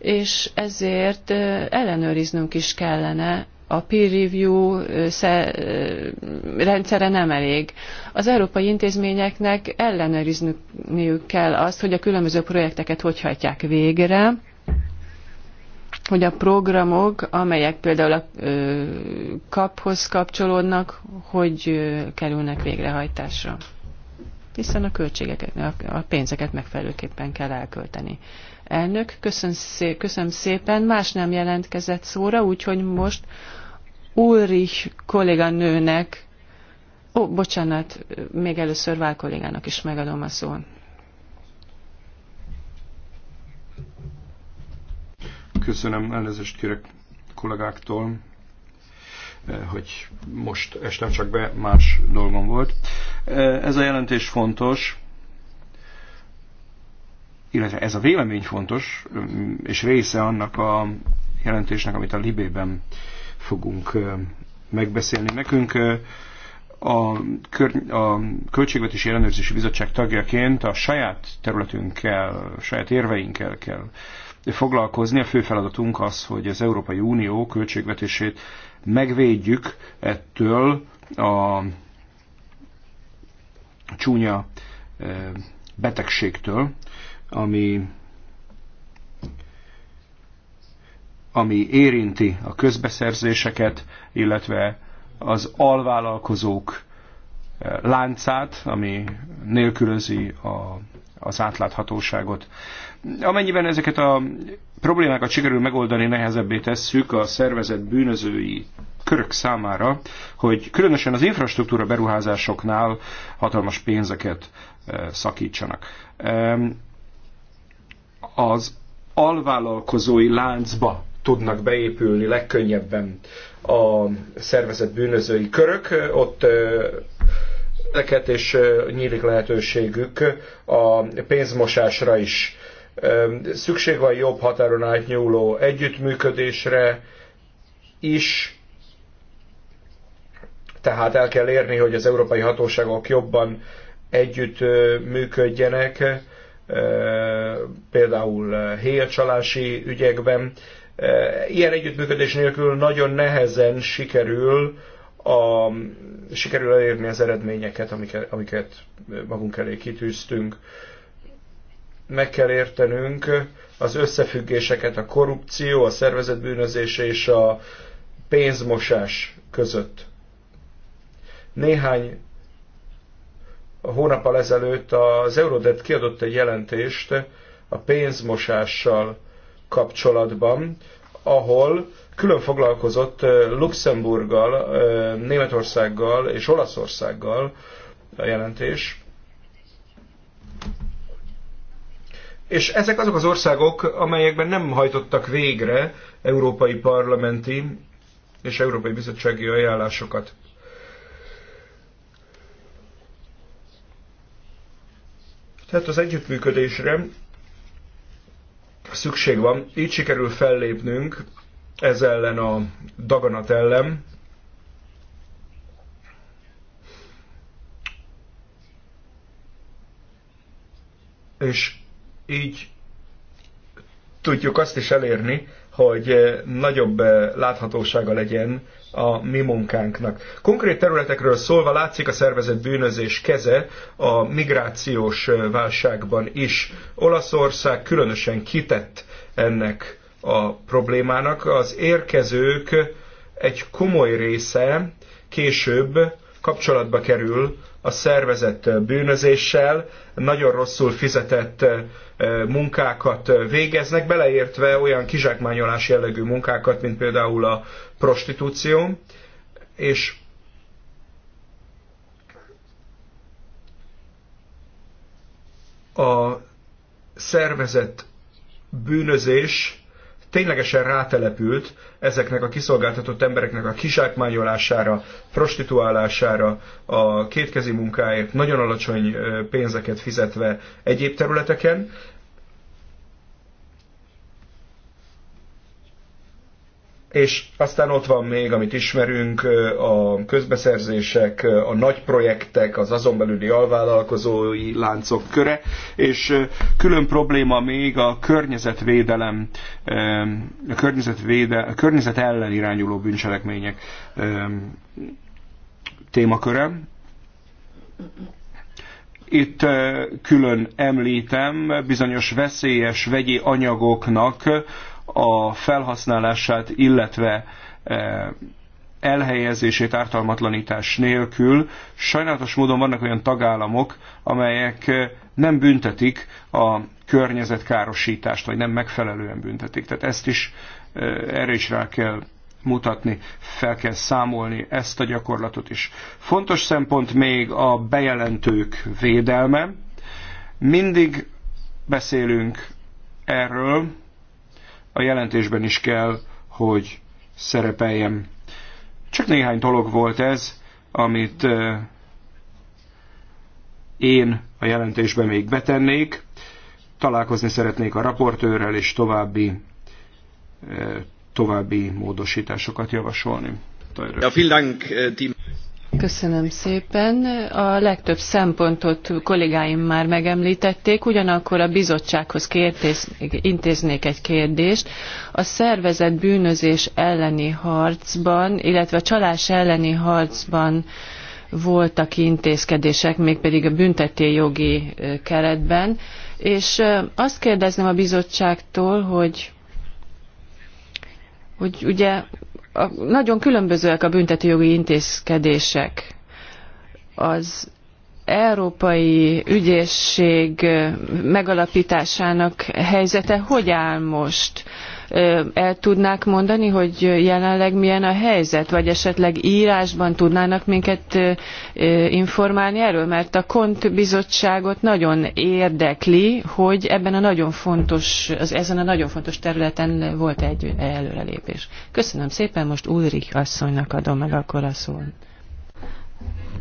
Speaker 2: és ezért ellenőriznünk is kellene a peer review rendszere nem elég. Az európai intézményeknek ellenőrizniük kell azt, hogy a különböző projekteket hogy hajtják végre, hogy a programok, amelyek például a kaphoz kapcsolódnak, hogy kerülnek végrehajtásra. Hiszen a költségeket, a pénzeket megfelelőképpen kell elkölteni. Elnök, köszön szé köszönöm szépen. Más nem jelentkezett szóra, úgyhogy most Ulrich kolléganőnek, ó, bocsánat, még először Vál kollégának is megadom a szót.
Speaker 3: Köszönöm, elnézést kérek kollégáktól, eh, hogy most estem csak be, más dolgom volt. Eh, ez a jelentés fontos, illetve ez a vélemény fontos, és része annak a jelentésnek, amit a Libében fogunk megbeszélni. Nekünk a, kör, a Költségvetési Ellenőrzési Bizottság tagjaként a saját területünkkel, saját érveinkkel kell foglalkozni. A fő feladatunk az, hogy az Európai Unió költségvetését megvédjük ettől a csúnya betegségtől, ami ami érinti a közbeszerzéseket, illetve az alvállalkozók eh, láncát, ami nélkülözi a, az átláthatóságot. Amennyiben ezeket a problémákat sikerül megoldani, nehezebbé tesszük a szervezet bűnözői körök számára, hogy különösen az infrastruktúra beruházásoknál hatalmas pénzeket eh, szakítsanak az alvállalkozói láncba tudnak beépülni legkönnyebben a szervezet bűnözői körök. Ott ezeket és nyílik lehetőségük a pénzmosásra is. Szükség van jobb határon átnyúló együttműködésre is, tehát el kell érni, hogy az európai hatóságok jobban együtt működjenek, például héjacsalási ügyekben. Ilyen együttműködés nélkül nagyon nehezen sikerül a, sikerül elérni az eredményeket, amiket, amiket magunk elé kitűztünk. Meg kell értenünk az összefüggéseket a korrupció, a szervezetbűnözés és a pénzmosás között. Néhány hónappal ezelőtt az Eurodet kiadott egy jelentést a pénzmosással kapcsolatban, ahol külön foglalkozott Luxemburggal, Németországgal és Olaszországgal a jelentés. És ezek azok az országok, amelyekben nem hajtottak végre európai parlamenti és európai bizottsági ajánlásokat. Tehát az együttműködésre szükség van. Így sikerül fellépnünk ez ellen a daganat ellen. És így tudjuk azt is elérni, hogy nagyobb eh, láthatósága legyen a mi munkánknak. Konkrét területekről szólva látszik a szervezett bűnözés keze a migrációs válságban is. Olaszország különösen kitett ennek a problémának. Az érkezők egy komoly része később kapcsolatba kerül a szervezett bűnözéssel, nagyon rosszul fizetett munkákat végeznek, beleértve olyan kizsákmányolás jellegű munkákat, mint például a prostitúció, és a szervezett bűnözés ténylegesen rátelepült ezeknek a kiszolgáltatott embereknek a kizsákmányolására, prostituálására, a kétkezi munkáért nagyon alacsony pénzeket fizetve egyéb területeken, És aztán ott van még, amit ismerünk, a közbeszerzések, a nagy projektek, az azon belüli alvállalkozói láncok köre, és külön probléma még a környezetvédelem, a, környezetvéde, a környezet ellen irányuló bűncselekmények témaköre. Itt külön említem bizonyos veszélyes vegyi anyagoknak a felhasználását, illetve e, elhelyezését ártalmatlanítás nélkül. Sajnálatos módon vannak olyan tagállamok, amelyek e, nem büntetik a környezetkárosítást, vagy nem megfelelően büntetik. Tehát ezt is, e, erre is rá kell mutatni, fel kell számolni ezt a gyakorlatot is. Fontos szempont még a bejelentők védelme. Mindig beszélünk erről, a jelentésben is kell, hogy szerepeljem. Csak néhány dolog volt ez, amit én a jelentésbe még betennék. Találkozni szeretnék a raportőrrel, és további, további módosításokat javasolni. Ja, vielen Dank, äh,
Speaker 2: Köszönöm szépen. A legtöbb szempontot kollégáim már megemlítették, ugyanakkor a bizottsághoz kérdéz, intéznék egy kérdést. A szervezet bűnözés elleni harcban, illetve a csalás elleni harcban voltak intézkedések, mégpedig a büntetéjogi keretben, és azt kérdezném a bizottságtól, hogy hogy ugye a, nagyon különbözőek a büntetőjogi intézkedések. Az európai ügyészség megalapításának helyzete hogy áll most? el tudnák mondani, hogy jelenleg milyen a helyzet, vagy esetleg írásban tudnának minket informálni erről, mert a KONT bizottságot nagyon érdekli, hogy ebben a nagyon fontos, az, ezen a nagyon fontos területen volt egy előrelépés. Köszönöm szépen, most Ulrich asszonynak adom meg akkor a szót.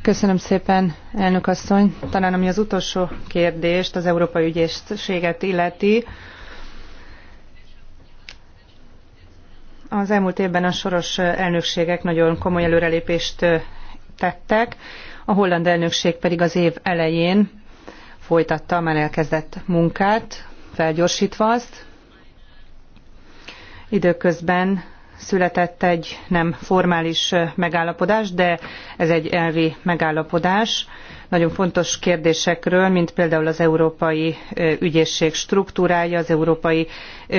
Speaker 1: Köszönöm szépen, elnök asszony. Talán ami az utolsó kérdést, az Európai Ügyészséget illeti, Az elmúlt évben a soros elnökségek nagyon komoly előrelépést tettek, a holland elnökség pedig az év elején folytatta a már elkezdett munkát, felgyorsítva azt. Időközben született egy nem formális megállapodás, de ez egy elvi megállapodás. Nagyon fontos kérdésekről, mint például az Európai Ügyészség struktúrája, az Európai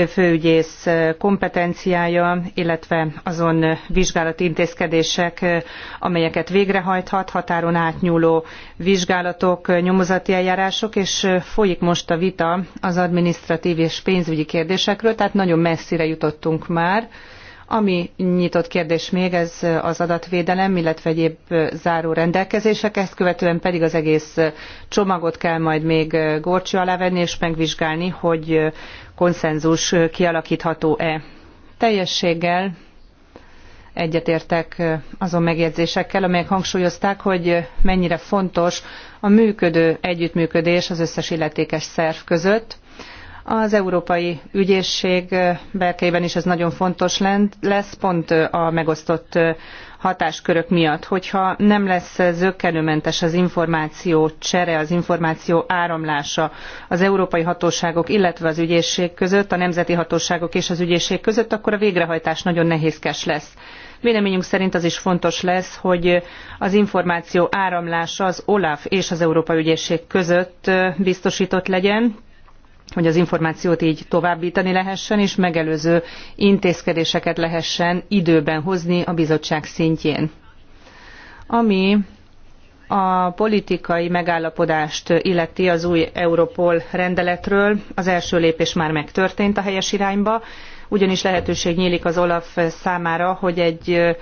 Speaker 1: Főügyész kompetenciája, illetve azon vizsgálati intézkedések, amelyeket végrehajthat, határon átnyúló vizsgálatok, nyomozati eljárások, és folyik most a vita az adminisztratív és pénzügyi kérdésekről, tehát nagyon messzire jutottunk már. Ami nyitott kérdés még, ez az adatvédelem, illetve egyéb záró rendelkezések, ezt követően pedig az egész csomagot kell majd még górcső alá venni és megvizsgálni, hogy konszenzus kialakítható-e. Teljességgel egyetértek azon megjegyzésekkel, amelyek hangsúlyozták, hogy mennyire fontos a működő együttműködés az összes illetékes szerv között, az Európai Ügyészség berkeiben is ez nagyon fontos lesz, pont a megosztott hatáskörök miatt. Hogyha nem lesz zöggenőmentes az információ csere, az információ áramlása az európai hatóságok, illetve az ügyészség között, a nemzeti hatóságok és az ügyészség között, akkor a végrehajtás nagyon nehézkes lesz. Véleményünk szerint az is fontos lesz, hogy az információ áramlása az OLAF és az Európai Ügyészség között biztosított legyen, hogy az információt így továbbítani lehessen, és megelőző intézkedéseket lehessen időben hozni a bizottság szintjén. Ami a politikai megállapodást illeti az új Europol rendeletről, az első lépés már megtörtént a helyes irányba, ugyanis lehetőség nyílik az Olaf számára, hogy egy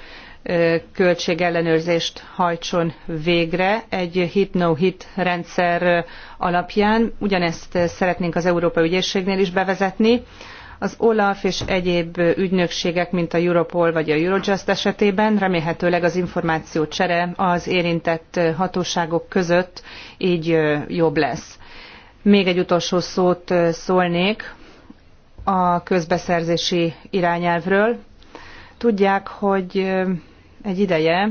Speaker 1: költségellenőrzést hajtson végre egy hit-no-hit -hit rendszer alapján. Ugyanezt szeretnénk az Európai Ügyészségnél is bevezetni. Az OLAF és egyéb ügynökségek, mint a Europol vagy a Eurojust esetében remélhetőleg az információ csere az érintett hatóságok között így jobb lesz. Még egy utolsó szót szólnék a közbeszerzési irányelvről. Tudják, hogy egy ideje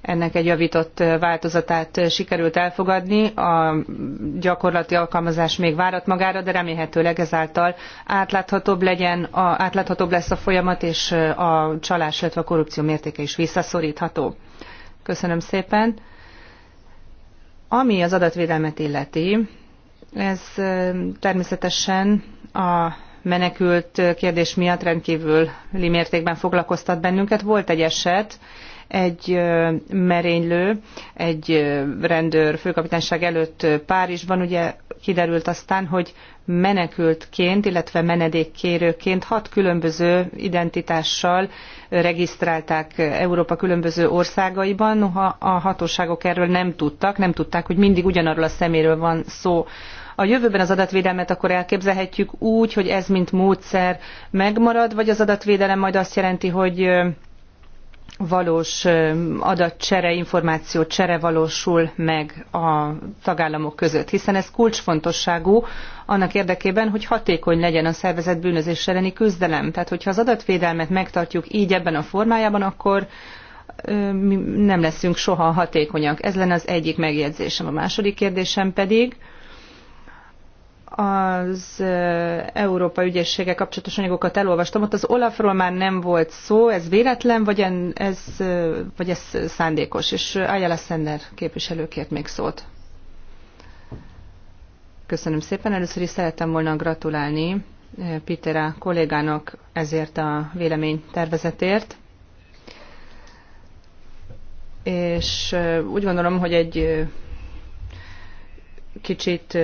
Speaker 1: ennek egy javított változatát sikerült elfogadni. A gyakorlati alkalmazás még várat magára, de remélhetőleg ezáltal átláthatóbb, legyen, a, átláthatóbb lesz a folyamat, és a csalás, illetve a korrupció mértéke is visszaszorítható. Köszönöm szépen. Ami az adatvédelmet illeti, ez eh, természetesen a menekült kérdés miatt rendkívül mértékben foglalkoztat bennünket. Volt egy eset, egy merénylő, egy rendőr főkapitányság előtt Párizsban, ugye kiderült aztán, hogy menekültként, illetve menedékkérőként hat különböző identitással regisztrálták Európa különböző országaiban, noha a hatóságok erről nem tudtak, nem tudták, hogy mindig ugyanarról a szeméről van szó, a jövőben az adatvédelmet akkor elképzelhetjük úgy, hogy ez mint módszer megmarad, vagy az adatvédelem majd azt jelenti, hogy valós adatcsere, csere valósul meg a tagállamok között, hiszen ez kulcsfontosságú annak érdekében, hogy hatékony legyen a szervezet bűnözés elleni küzdelem. Tehát, hogyha az adatvédelmet megtartjuk így ebben a formájában, akkor nem leszünk soha hatékonyak. Ez lenne az egyik megjegyzésem. A második kérdésem pedig, az Európa ügyessége kapcsolatos anyagokat elolvastam, ott az Olafról már nem volt szó, ez véletlen, vagy ez, vagy ez szándékos? És Ayala Szenner képviselőkért még szólt. Köszönöm szépen. Először is szerettem volna gratulálni Pitera kollégának ezért a vélemény tervezetért. És úgy gondolom, hogy egy kicsit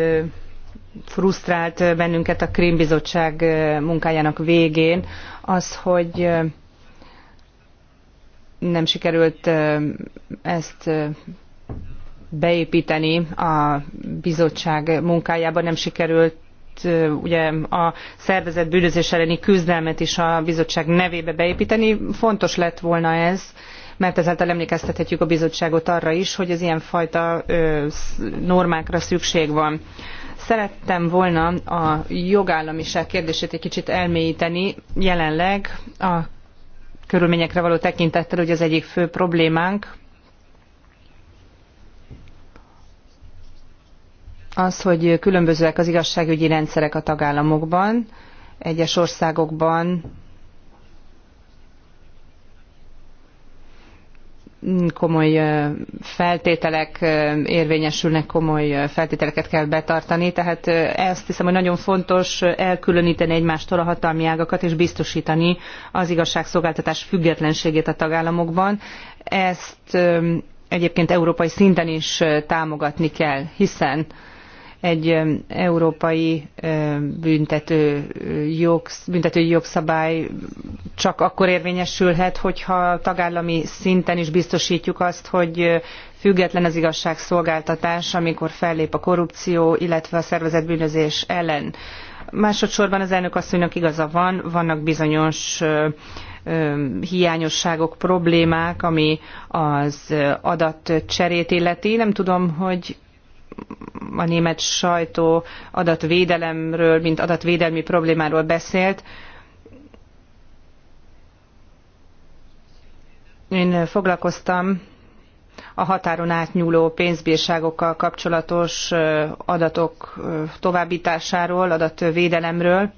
Speaker 1: frusztrált bennünket a Krímbizottság munkájának végén, az, hogy nem sikerült ezt beépíteni a bizottság munkájába, nem sikerült ugye a szervezet bűnözés elleni küzdelmet is a bizottság nevébe beépíteni. Fontos lett volna ez, mert ezáltal emlékeztethetjük a bizottságot arra is, hogy az ilyenfajta normákra szükség van. Szerettem volna a jogállamiság kérdését egy kicsit elmélyíteni. Jelenleg a körülményekre való tekintettel, hogy az egyik fő problémánk az, hogy különbözőek az igazságügyi rendszerek a tagállamokban. Egyes országokban komoly feltételek érvényesülnek, komoly feltételeket kell betartani, tehát ezt hiszem, hogy nagyon fontos elkülöníteni egymástól a hatalmi ágakat és biztosítani az igazságszolgáltatás függetlenségét a tagállamokban. Ezt egyébként európai szinten is támogatni kell, hiszen egy európai büntető, jogsz, büntető jogszabály csak akkor érvényesülhet, hogyha tagállami szinten is biztosítjuk azt, hogy független az igazságszolgáltatás, amikor fellép a korrupció, illetve a szervezetbűnözés ellen. Másodszorban az elnök asszonynak igaza van, vannak bizonyos hiányosságok, problémák, ami az adatcserét illeti. Nem tudom, hogy a német sajtó adatvédelemről, mint adatvédelmi problémáról beszélt. Én foglalkoztam a határon átnyúló pénzbírságokkal kapcsolatos adatok továbbításáról, adatvédelemről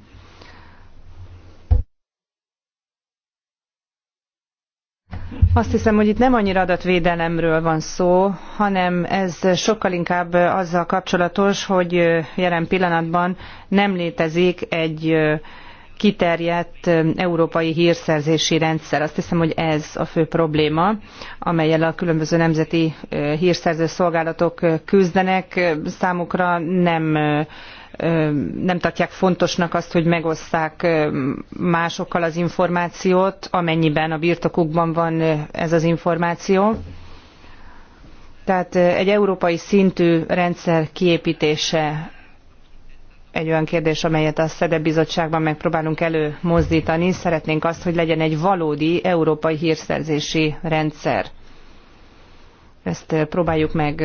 Speaker 1: Azt hiszem, hogy itt nem annyira adatvédelemről van szó, hanem ez sokkal inkább azzal kapcsolatos, hogy jelen pillanatban nem létezik egy kiterjedt európai hírszerzési rendszer. Azt hiszem, hogy ez a fő probléma, amelyel a különböző nemzeti hírszerző szolgálatok küzdenek. Számukra nem nem tartják fontosnak azt, hogy megosszák másokkal az információt, amennyiben a birtokukban van ez az információ. Tehát egy európai szintű rendszer kiépítése egy olyan kérdés, amelyet a SZEDE bizottságban megpróbálunk előmozdítani. Szeretnénk azt, hogy legyen egy valódi európai hírszerzési rendszer. Ezt próbáljuk meg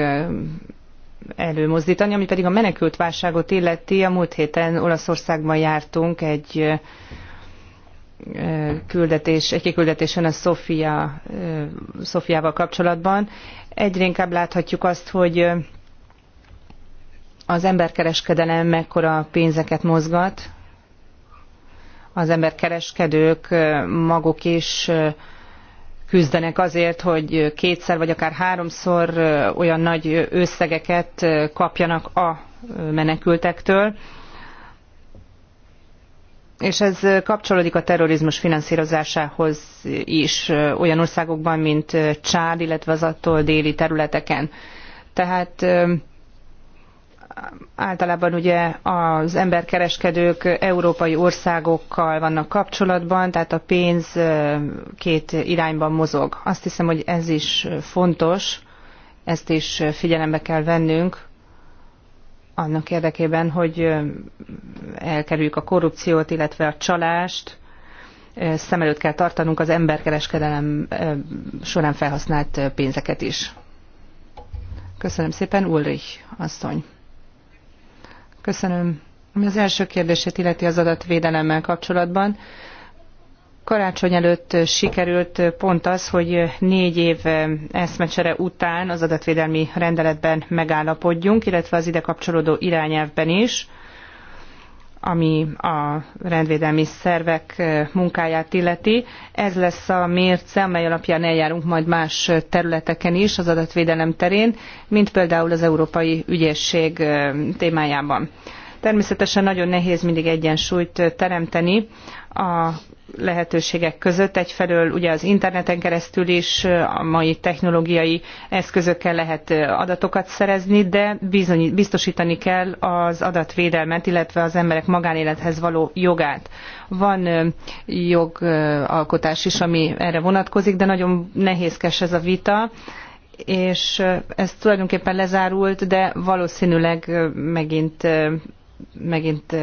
Speaker 1: előmozdítani, ami pedig a menekült válságot illeti. A múlt héten Olaszországban jártunk egy küldetés, egy kiküldetésen a Sofia, Sofiával kapcsolatban. Egyre inkább láthatjuk azt, hogy az emberkereskedelem mekkora pénzeket mozgat, az emberkereskedők maguk is küzdenek azért, hogy kétszer vagy akár háromszor olyan nagy összegeket kapjanak a menekültektől. És ez kapcsolódik a terrorizmus finanszírozásához is olyan országokban, mint Csád, illetve az attól déli területeken. Tehát általában ugye az emberkereskedők európai országokkal vannak kapcsolatban, tehát a pénz két irányban mozog. Azt hiszem, hogy ez is fontos, ezt is figyelembe kell vennünk annak érdekében, hogy elkerüljük a korrupciót, illetve a csalást, szem előtt kell tartanunk az emberkereskedelem során felhasznált pénzeket is. Köszönöm szépen, Ulrich asszony. Köszönöm. Ami az első kérdését illeti az adatvédelemmel kapcsolatban, karácsony előtt sikerült pont az, hogy négy év eszmecsere után az adatvédelmi rendeletben megállapodjunk, illetve az ide kapcsolódó irányelvben is, ami a rendvédelmi szervek munkáját illeti. Ez lesz a mérce, amely alapján eljárunk majd más területeken is az adatvédelem terén, mint például az Európai Ügyészség témájában. Természetesen nagyon nehéz mindig egyensúlyt teremteni a lehetőségek között. Egyfelől ugye az interneten keresztül is a mai technológiai eszközökkel lehet adatokat szerezni, de bizony, biztosítani kell az adatvédelmet, illetve az emberek magánélethez való jogát. Van jogalkotás is, ami erre vonatkozik, de nagyon nehézkes ez a vita és ez tulajdonképpen lezárult, de valószínűleg megint, megint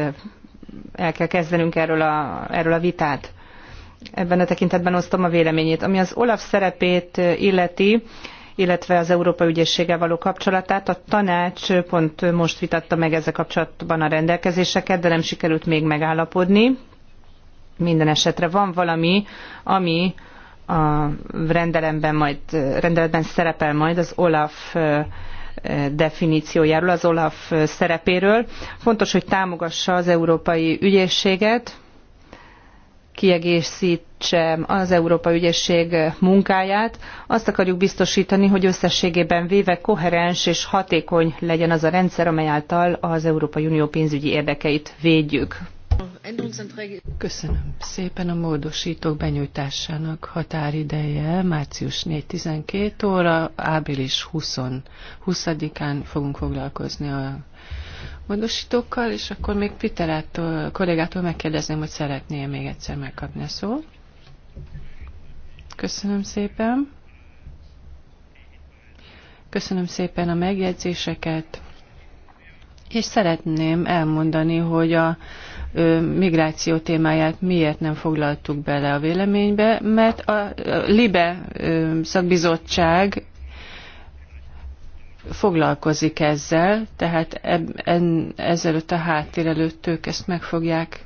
Speaker 1: el kell kezdenünk erről a, erről a vitát ebben a tekintetben osztom a véleményét. Ami az Olaf szerepét illeti, illetve az Európa ügyészséggel való kapcsolatát. A tanács pont most vitatta meg ezzel kapcsolatban a rendelkezéseket, de nem sikerült még megállapodni. Minden esetre van valami, ami a rendelemben majd, rendeletben szerepel majd az Olaf definíciójáról, az Olaf szerepéről. Fontos, hogy támogassa az európai ügyészséget, kiegészítse az Európa Ügyesség munkáját. Azt akarjuk biztosítani, hogy összességében véve koherens és hatékony legyen az a rendszer, amely által az Európai Unió pénzügyi érdekeit védjük.
Speaker 2: Köszönöm szépen a módosítók benyújtásának határideje március 4-12 óra, április 20-án fogunk foglalkozni a módosítókkal, és akkor még Pitelától, kollégától megkérdezném, hogy szeretné még egyszer megkapni a szót. Köszönöm szépen. Köszönöm szépen a megjegyzéseket, és szeretném elmondani, hogy a migráció témáját miért nem foglaltuk bele a véleménybe, mert a, a LIBE szakbizottság foglalkozik ezzel, tehát ezzel en, a háttér előtt ők ezt meg fogják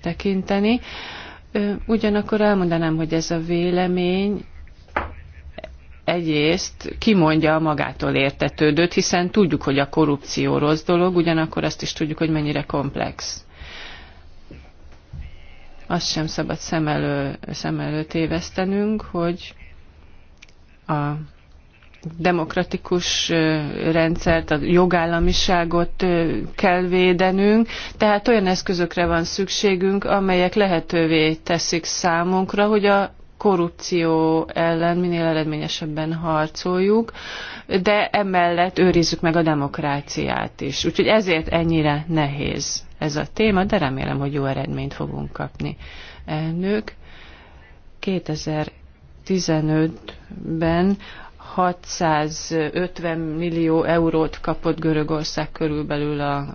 Speaker 2: tekinteni. ugyanakkor elmondanám, hogy ez a vélemény egyrészt kimondja a magától értetődőt, hiszen tudjuk, hogy a korrupció rossz dolog, ugyanakkor azt is tudjuk, hogy mennyire komplex. Azt sem szabad szem, elő, szem előtt évesztenünk, hogy a demokratikus rendszert, a jogállamiságot kell védenünk, tehát olyan eszközökre van szükségünk, amelyek lehetővé teszik számunkra, hogy a korrupció ellen minél eredményesebben harcoljuk, de emellett őrizzük meg a demokráciát is. Úgyhogy ezért ennyire nehéz ez a téma, de remélem, hogy jó eredményt fogunk kapni. Elnök, 2015-ben 650 millió eurót kapott Görögország körülbelül a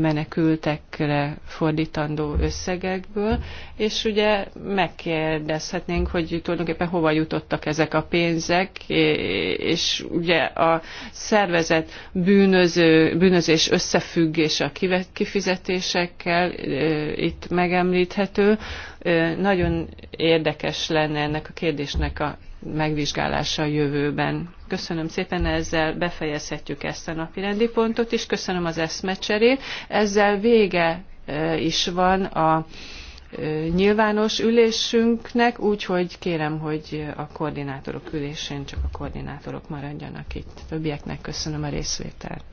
Speaker 2: menekültekre fordítandó összegekből, és ugye megkérdezhetnénk, hogy tulajdonképpen hova jutottak ezek a pénzek, és ugye a szervezet bűnöző, bűnözés összefüggése a kifizetésekkel itt megemlíthető. Nagyon érdekes lenne ennek a kérdésnek a megvizsgálása a jövőben. Köszönöm szépen, ezzel befejezhetjük ezt a napi rendi pontot, is. köszönöm az eszmecserét. Ezzel vége e, is van a e, nyilvános ülésünknek, úgyhogy kérem, hogy a koordinátorok ülésén csak a koordinátorok maradjanak itt. Többieknek köszönöm a részvételt.